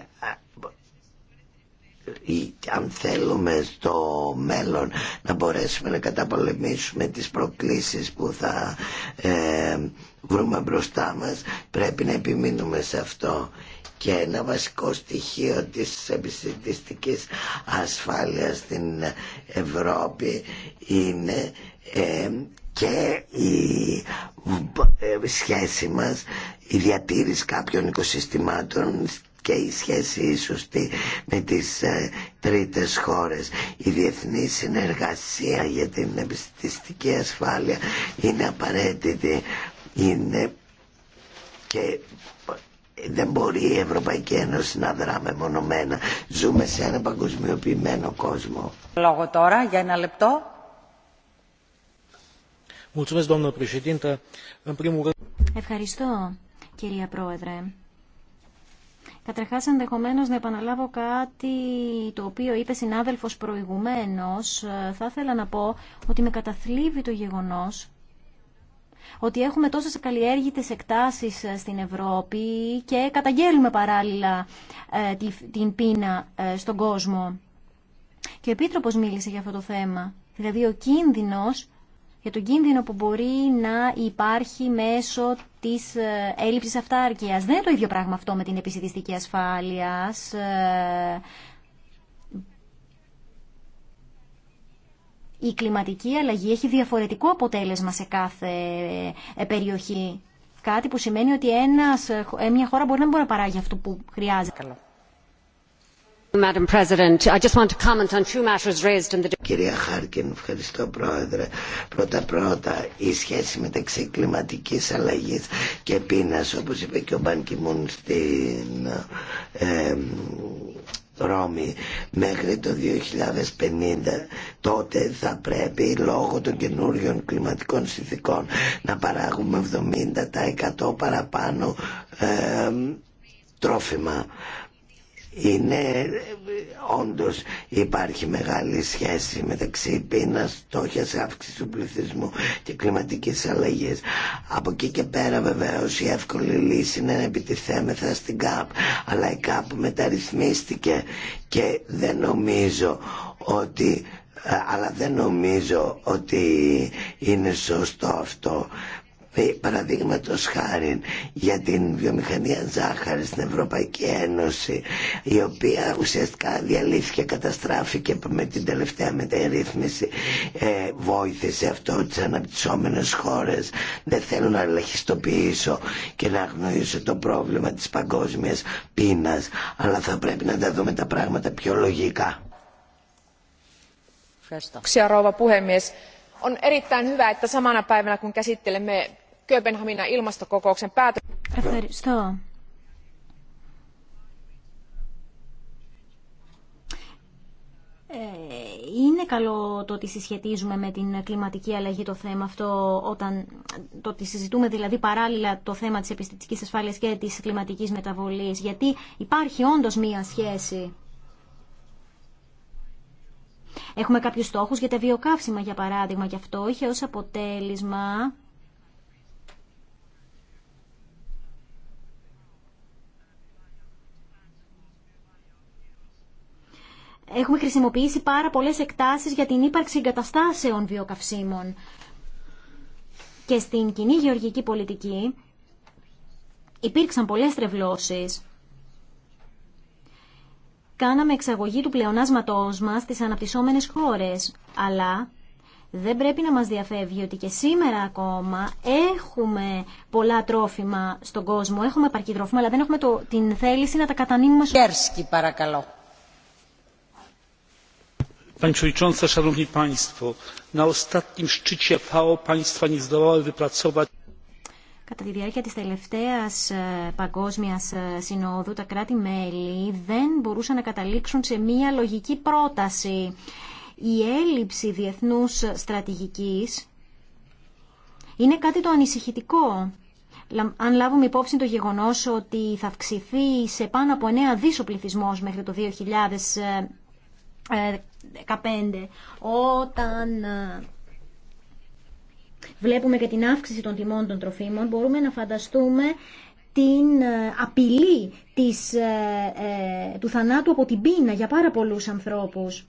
αν θέλουμε στο μέλλον να μπορέσουμε να καταπολεμήσουμε τις προκλήσεις που θα ε, βρούμε μπροστά μας πρέπει να επιμείνουμε σε αυτό και ένα βασικό στοιχείο της επιστημιστικής ασφάλειας στην Ευρώπη είναι ε, και η ε, σχέση μας, η διατήρηση κάποιων οικοσυστημάτων και η σχέση σωστή με τις ε, τρίτες χώρες. Η διεθνή συνεργασία για την επιστημιστική ασφάλεια είναι απαραίτητη. Είναι και δεν μπορεί η Ευρωπαϊκή Ένωση να δράμε μονομένα. Ζούμε σε ένα παγκοσμιοποιημένο κόσμο. Λόγο τώρα για ένα λεπτό Ευχαριστώ, κυρία Πρόεδρε. Καταρχάς, ενδεχομένως να επαναλάβω κάτι το οποίο είπε συνάδελφος προηγουμένως. Θα ήθελα να πω ότι με καταθλίβει το γεγονός ότι έχουμε τόσες καλλιέργητες εκτάσεις ε, στην Ευρώπη και καταγγέλουμε παράλληλα ε, την πείνα ε, στον κόσμο. Και ο Επίτροπος μίλησε για αυτό το θέμα. Δηλαδή ο κίνδυνος για τον κίνδυνο που μπορεί να υπάρχει μέσω της ε, έλλειψης αυτάρκειας. Δεν είναι το ίδιο πράγμα αυτό με την επιστημιστική ασφάλεια. Ε, η κλιματική αλλαγή έχει διαφορετικό αποτέλεσμα σε κάθε ε, περιοχή. Κάτι που σημαίνει ότι ένας, μια χώρα μπορεί να μπορεί να παράγει αυτό που χρειάζεται. Κυρία Χάρκιν, ευχαριστώ πρόεδρε. Πρώτα-πρώτα η σχέση μεταξύ κλιματική αλλαγή και πείνας, όπως είπε και ο Μπανκιμούν στην ε, Ρώμη μέχρι το 2050 τότε θα πρέπει λόγω των καινούριων κλιματικών συνθήκων να παράγουμε 70% παραπάνω ε, τρόφιμα είναι όντως υπάρχει μεγάλη σχέση μεταξύ πείνας, τόχες αύξηση του πληθυσμού και κλιματικής αλλαγής. Από εκεί και πέρα βεβαίως η εύκολη λύση είναι να επιτιθέμεθα στην ΚΑΠ αλλά η ΚΑΠ μεταρρυθμίστηκε και δεν νομίζω ότι ε, αλλά δεν νομίζω ότι είναι σωστό αυτό. Παραδείγματος χάρη για την βιομηχανία ζάχαρης στην Ευρωπαϊκή Ένωση η οποία ουσιαστικά διαλύθηκε, καταστράφηκε με την τελευταία μεταρρύθμιση ε, βόηθησε αυτό τις αναπτυσσόμενες χώρες δεν θέλω να ελαχιστοποιήσω και να αγνοήσω το πρόβλημα της παγκόσμιας πείνας αλλά θα πρέπει να τα δούμε τα πράγματα πιο λογικά Ευχαριστώ. ευχαριστώ, On erittäin Kööpenhaminan ilmastokokouksen Ευχαριστώ. Ε, είναι καλό το ότι συσχετίζουμε με την κλιματική αλλαγή το θέμα αυτό, όταν το ότι συζητούμε δηλαδή παράλληλα το θέμα της επιστημικής ασφάλειας και της κλιματικής μεταβολής, γιατί υπάρχει όντως μία σχέση. Έχουμε κάποιους στόχους για τα βιοκαύσιμα, για παράδειγμα, και αυτό είχε ως αποτέλεσμα έχουμε χρησιμοποιήσει πάρα πολλές εκτάσεις για την ύπαρξη εγκαταστάσεων βιοκαυσίμων. Και στην κοινή γεωργική πολιτική υπήρξαν πολλές τρευλώσεις. Κάναμε εξαγωγή του πλεονάσματός μας στις αναπτυσσόμενες χώρες, αλλά δεν πρέπει να μας διαφεύγει ότι και σήμερα ακόμα έχουμε πολλά τρόφιμα στον κόσμο, έχουμε επαρκή τρόφιμα, αλλά δεν έχουμε το, την θέληση να τα κατανείμουμε. Κέρσκι παρακαλώ pani przewodnicząca! szanowni państwo! na ostatnim szczycie fao państwa nie Κατά τη διάρκεια της τελευταίας ε, παγκόσμιας ε, συνόδου, τα κράτη-μέλη δεν μπορούσαν να καταλήξουν σε μία λογική πρόταση. Η έλλειψη διεθνούς στρατηγικής είναι κάτι το ανησυχητικό. Αν λάβουμε υπόψη το γεγονός ότι θα αυξηθεί σε πάνω από 9 δις πληθυσμός μέχρι το 2020, 15. Ε, Όταν ε, βλέπουμε και την αύξηση των τιμών των τροφίμων, μπορούμε να φανταστούμε την ε, απειλή της, του θανάτου από την πείνα για πάρα πολλούς ανθρώπους.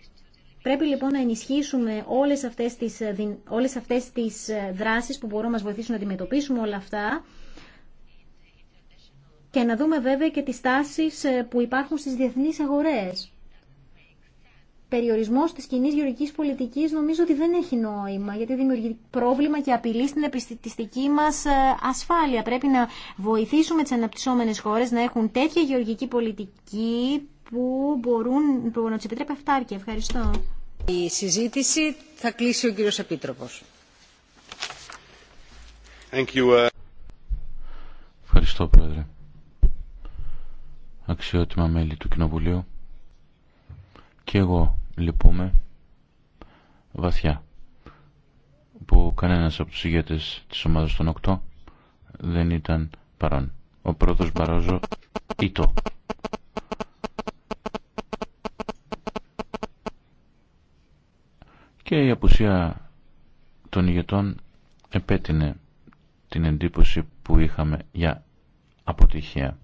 Πρέπει λοιπόν να ενισχύσουμε όλες αυτές τις, όλες αυτές τις δράσεις που μπορούν να μας βοηθήσουν να αντιμετωπίσουμε όλα αυτά και να δούμε βέβαια και τις τάσεις που υπάρχουν στις διεθνείς αγορές. Περιορισμό τη κοινή γεωργική πολιτική νομίζω ότι δεν έχει νόημα γιατί δημιουργεί πρόβλημα και απειλή στην επιστημιστική μας ε, ασφάλεια. Πρέπει να βοηθήσουμε τι αναπτυσσόμενες χώρες να έχουν τέτοια γεωργική πολιτική που μπορούν, που να του επιτρέπει αυτάρκεια. Ευχαριστώ. Η συζήτηση θα κλείσει ο κύριο Επίτροπο. Uh, Ευχαριστώ, Πρόεδρε. Αξιότιμα μέλη του Κοινοβουλίου. Και εγώ λυπούμε βαθιά που κανένας από τους ηγέτες της ομάδας των 8 δεν ήταν παρόν. Ο πρώτος Μπαρόζο Ήτο. Και η απουσία των ηγετών επέτεινε την εντύπωση που είχαμε για αποτυχία.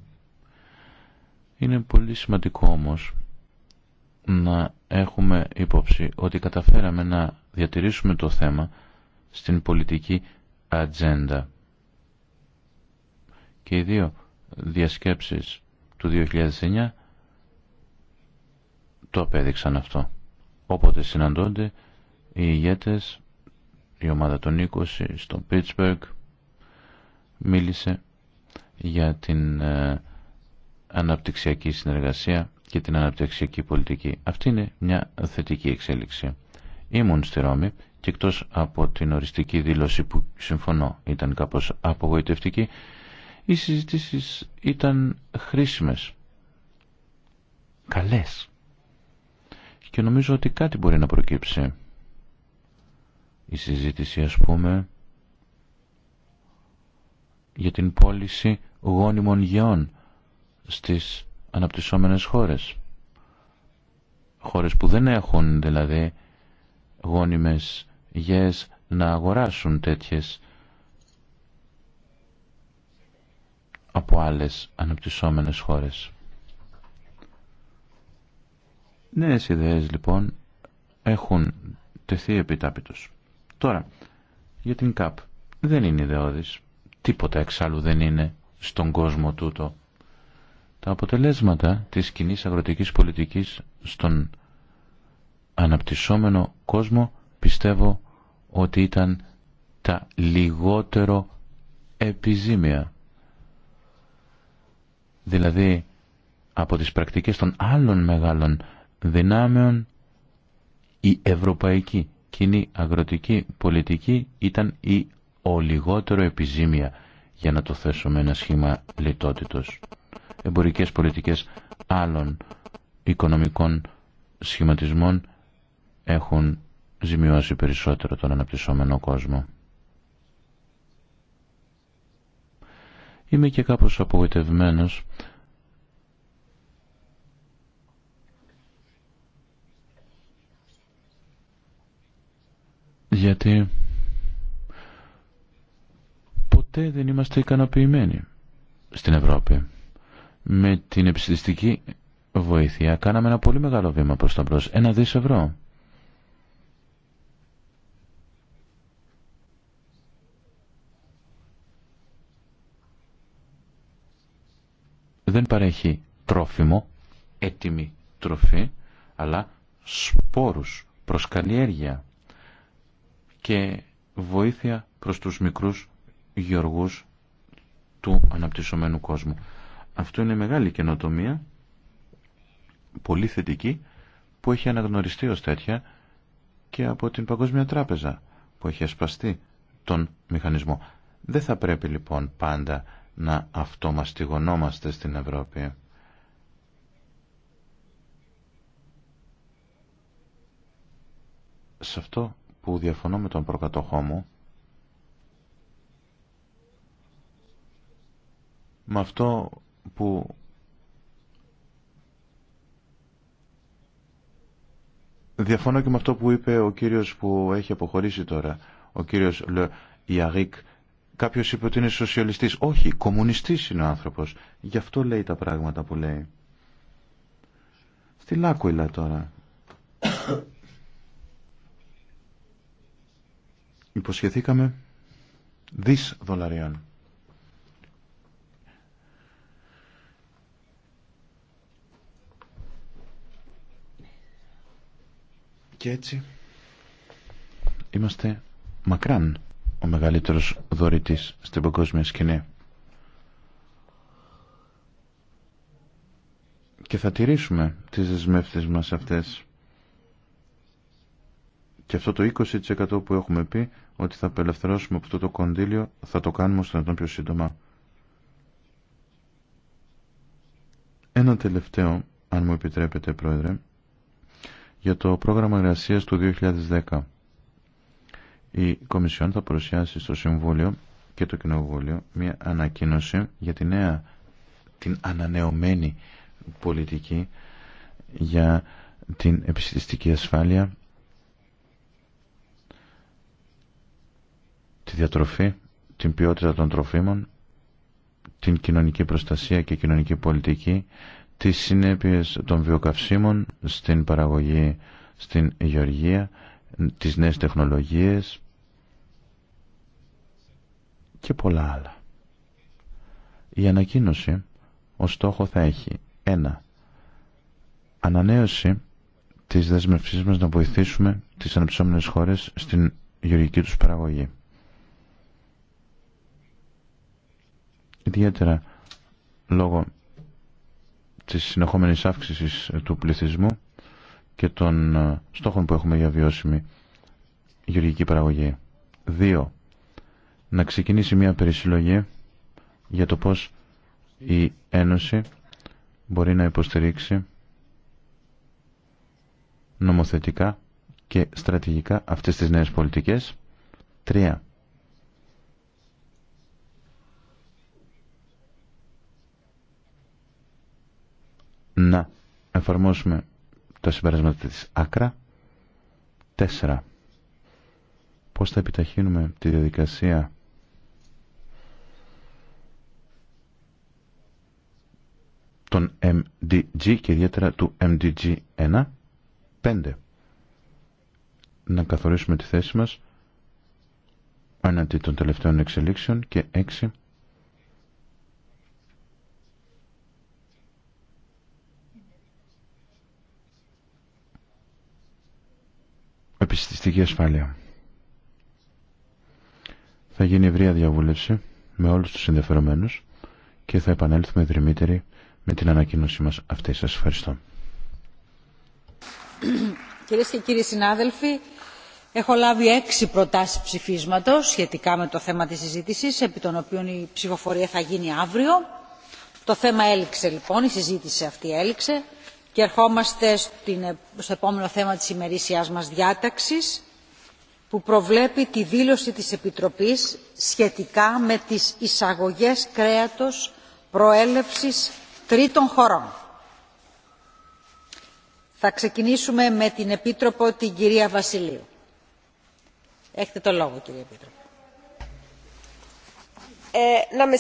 Είναι πολύ σημαντικό όμως να έχουμε υπόψη ότι καταφέραμε να διατηρήσουμε το θέμα στην πολιτική ατζέντα. Και οι δύο διασκέψεις του 2009 το απέδειξαν αυτό. Όποτε συναντώνται οι ηγέτες, η ομάδα των 20 στο Πίτσμπεργκ μίλησε για την ε, αναπτυξιακή συνεργασία και την αναπτυξιακή πολιτική. Αυτή είναι μια θετική εξέλιξη. Ήμουν στη Ρώμη και εκτός από την οριστική δήλωση που συμφωνώ ήταν κάπως απογοητευτική, οι συζητήσεις ήταν χρήσιμες, καλές και νομίζω ότι κάτι μπορεί να προκύψει. Η συζήτηση ας πούμε για την πώληση γόνιμων γεών στις αναπτυσσόμενες χώρες. Χώρες που δεν έχουν δηλαδή γόνιμες γες να αγοράσουν τέτοιες από άλλες αναπτυσσόμενες χώρες. Νέες ιδέες λοιπόν έχουν τεθεί επιτάπητος. Τώρα, για την ΚΑΠ δεν είναι ιδεώδης. Τίποτα εξάλλου δεν είναι στον κόσμο τούτο τα αποτελέσματα της κοινή αγροτικής πολιτικής στον αναπτυσσόμενο κόσμο πιστεύω ότι ήταν τα λιγότερο επιζήμια. Δηλαδή από τις πρακτικές των άλλων μεγάλων δυνάμεων η ευρωπαϊκή κοινή αγροτική πολιτική ήταν η ο λιγότερο επιζήμια για να το θέσουμε ένα σχήμα λιτότητος εμπορικές πολιτικές άλλων οικονομικών σχηματισμών έχουν ζημιώσει περισσότερο τον αναπτυσσόμενο κόσμο. Είμαι και κάπως απογοητευμένος γιατί ποτέ δεν είμαστε ικανοποιημένοι στην Ευρώπη με την επιστηστική βοήθεια κάναμε ένα πολύ μεγάλο βήμα προς τα μπρος. Ένα δις ευρώ. Δεν παρέχει τρόφιμο, έτοιμη τροφή, αλλά σπόρους προς καλλιέργεια και βοήθεια προς τους μικρούς γεωργούς του αναπτυσσομένου κόσμου. Αυτό είναι μεγάλη καινοτομία, πολύ θετική, που έχει αναγνωριστεί ως τέτοια και από την Παγκόσμια Τράπεζα, που έχει ασπαστεί τον μηχανισμό. Δεν θα πρέπει λοιπόν πάντα να αυτομαστιγωνόμαστε στην Ευρώπη. Σε αυτό που διαφωνώ με τον προκατοχό μου, με αυτό που διαφωνώ και με αυτό που είπε ο κύριος που έχει αποχωρήσει τώρα, ο κύριος Λε Ιαρίκ. Κάποιος είπε ότι είναι σοσιαλιστής. Όχι, κομμουνιστής είναι ο άνθρωπος. Γι' αυτό λέει τα πράγματα που λέει. Στη Λάκουιλα τώρα. Υποσχεθήκαμε δις δολαριών. Και έτσι είμαστε μακράν ο μεγαλύτερος δωρητής στην παγκόσμια σκηνή. Και θα τηρήσουμε τις δεσμεύσεις μας αυτές. Και αυτό το 20% που έχουμε πει ότι θα απελευθερώσουμε από αυτό το κοντήλιο θα το κάνουμε στον τον πιο σύντομα. Ένα τελευταίο, αν μου επιτρέπετε πρόεδρε, για το πρόγραμμα εργασία του 2010. Η Κομισιόν θα παρουσιάσει στο Συμβούλιο και το Κοινοβούλιο μια ανακοίνωση για τη νέα, την ανανεωμένη πολιτική για την επιστηστική ασφάλεια, τη διατροφή, την ποιότητα των τροφίμων, την κοινωνική προστασία και κοινωνική πολιτική, τις συνέπειες των βιοκαυσίμων στην παραγωγή στην γεωργία, τις νέες τεχνολογίες και πολλά άλλα. Η ανακοίνωση ο στόχο θα έχει ένα Ανανέωση της δεσμευσής μας να βοηθήσουμε τις αναπτυσσόμενες χώρες στην γεωργική τους παραγωγή. Ιδιαίτερα λόγω της συνεχόμενης αύξησης ε, του πληθυσμού και των ε, στόχων που έχουμε για βιώσιμη γεωργική παραγωγή. 2. Να ξεκινήσει μια περισυλλογή για το πώς η Ένωση μπορεί να υποστηρίξει νομοθετικά και στρατηγικά αυτές τις νέες πολιτικές. Τρία. να εφαρμόσουμε τα συμπεράσματα της άκρα. Τέσσερα. Πώς θα επιταχύνουμε τη διαδικασία των MDG και ιδιαίτερα του MDG1. Πέντε. Να καθορίσουμε τη θέση μας έναντι των τελευταίων εξελίξεων και έξι επιστηστική ασφάλεια. Θα γίνει ευρία διαβούλευση με όλους τους ενδιαφερομένους και θα επανέλθουμε δρυμύτεροι με την ανακοίνωσή μας αυτή. Σας ευχαριστώ. Κυρίες και κύριοι συνάδελφοι, έχω λάβει έξι προτάσεις ψηφίσματος σχετικά με το θέμα της συζήτησης, επί των οποίων η ψηφοφορία θα γίνει αύριο. Το θέμα έληξε λοιπόν, η συζήτηση αυτή έληξε. Και ερχόμαστε ε, στο επόμενο θέμα της ημερήσιάς μας διάταξης που προβλέπει τη δήλωση της Επιτροπής σχετικά με τις εισαγωγές κρέατος προέλευσης τρίτων χωρών. Θα ξεκινήσουμε με την Επίτροπο την κυρία Βασιλείου. Έχετε το λόγο κυρία Επίτροπο. Ε,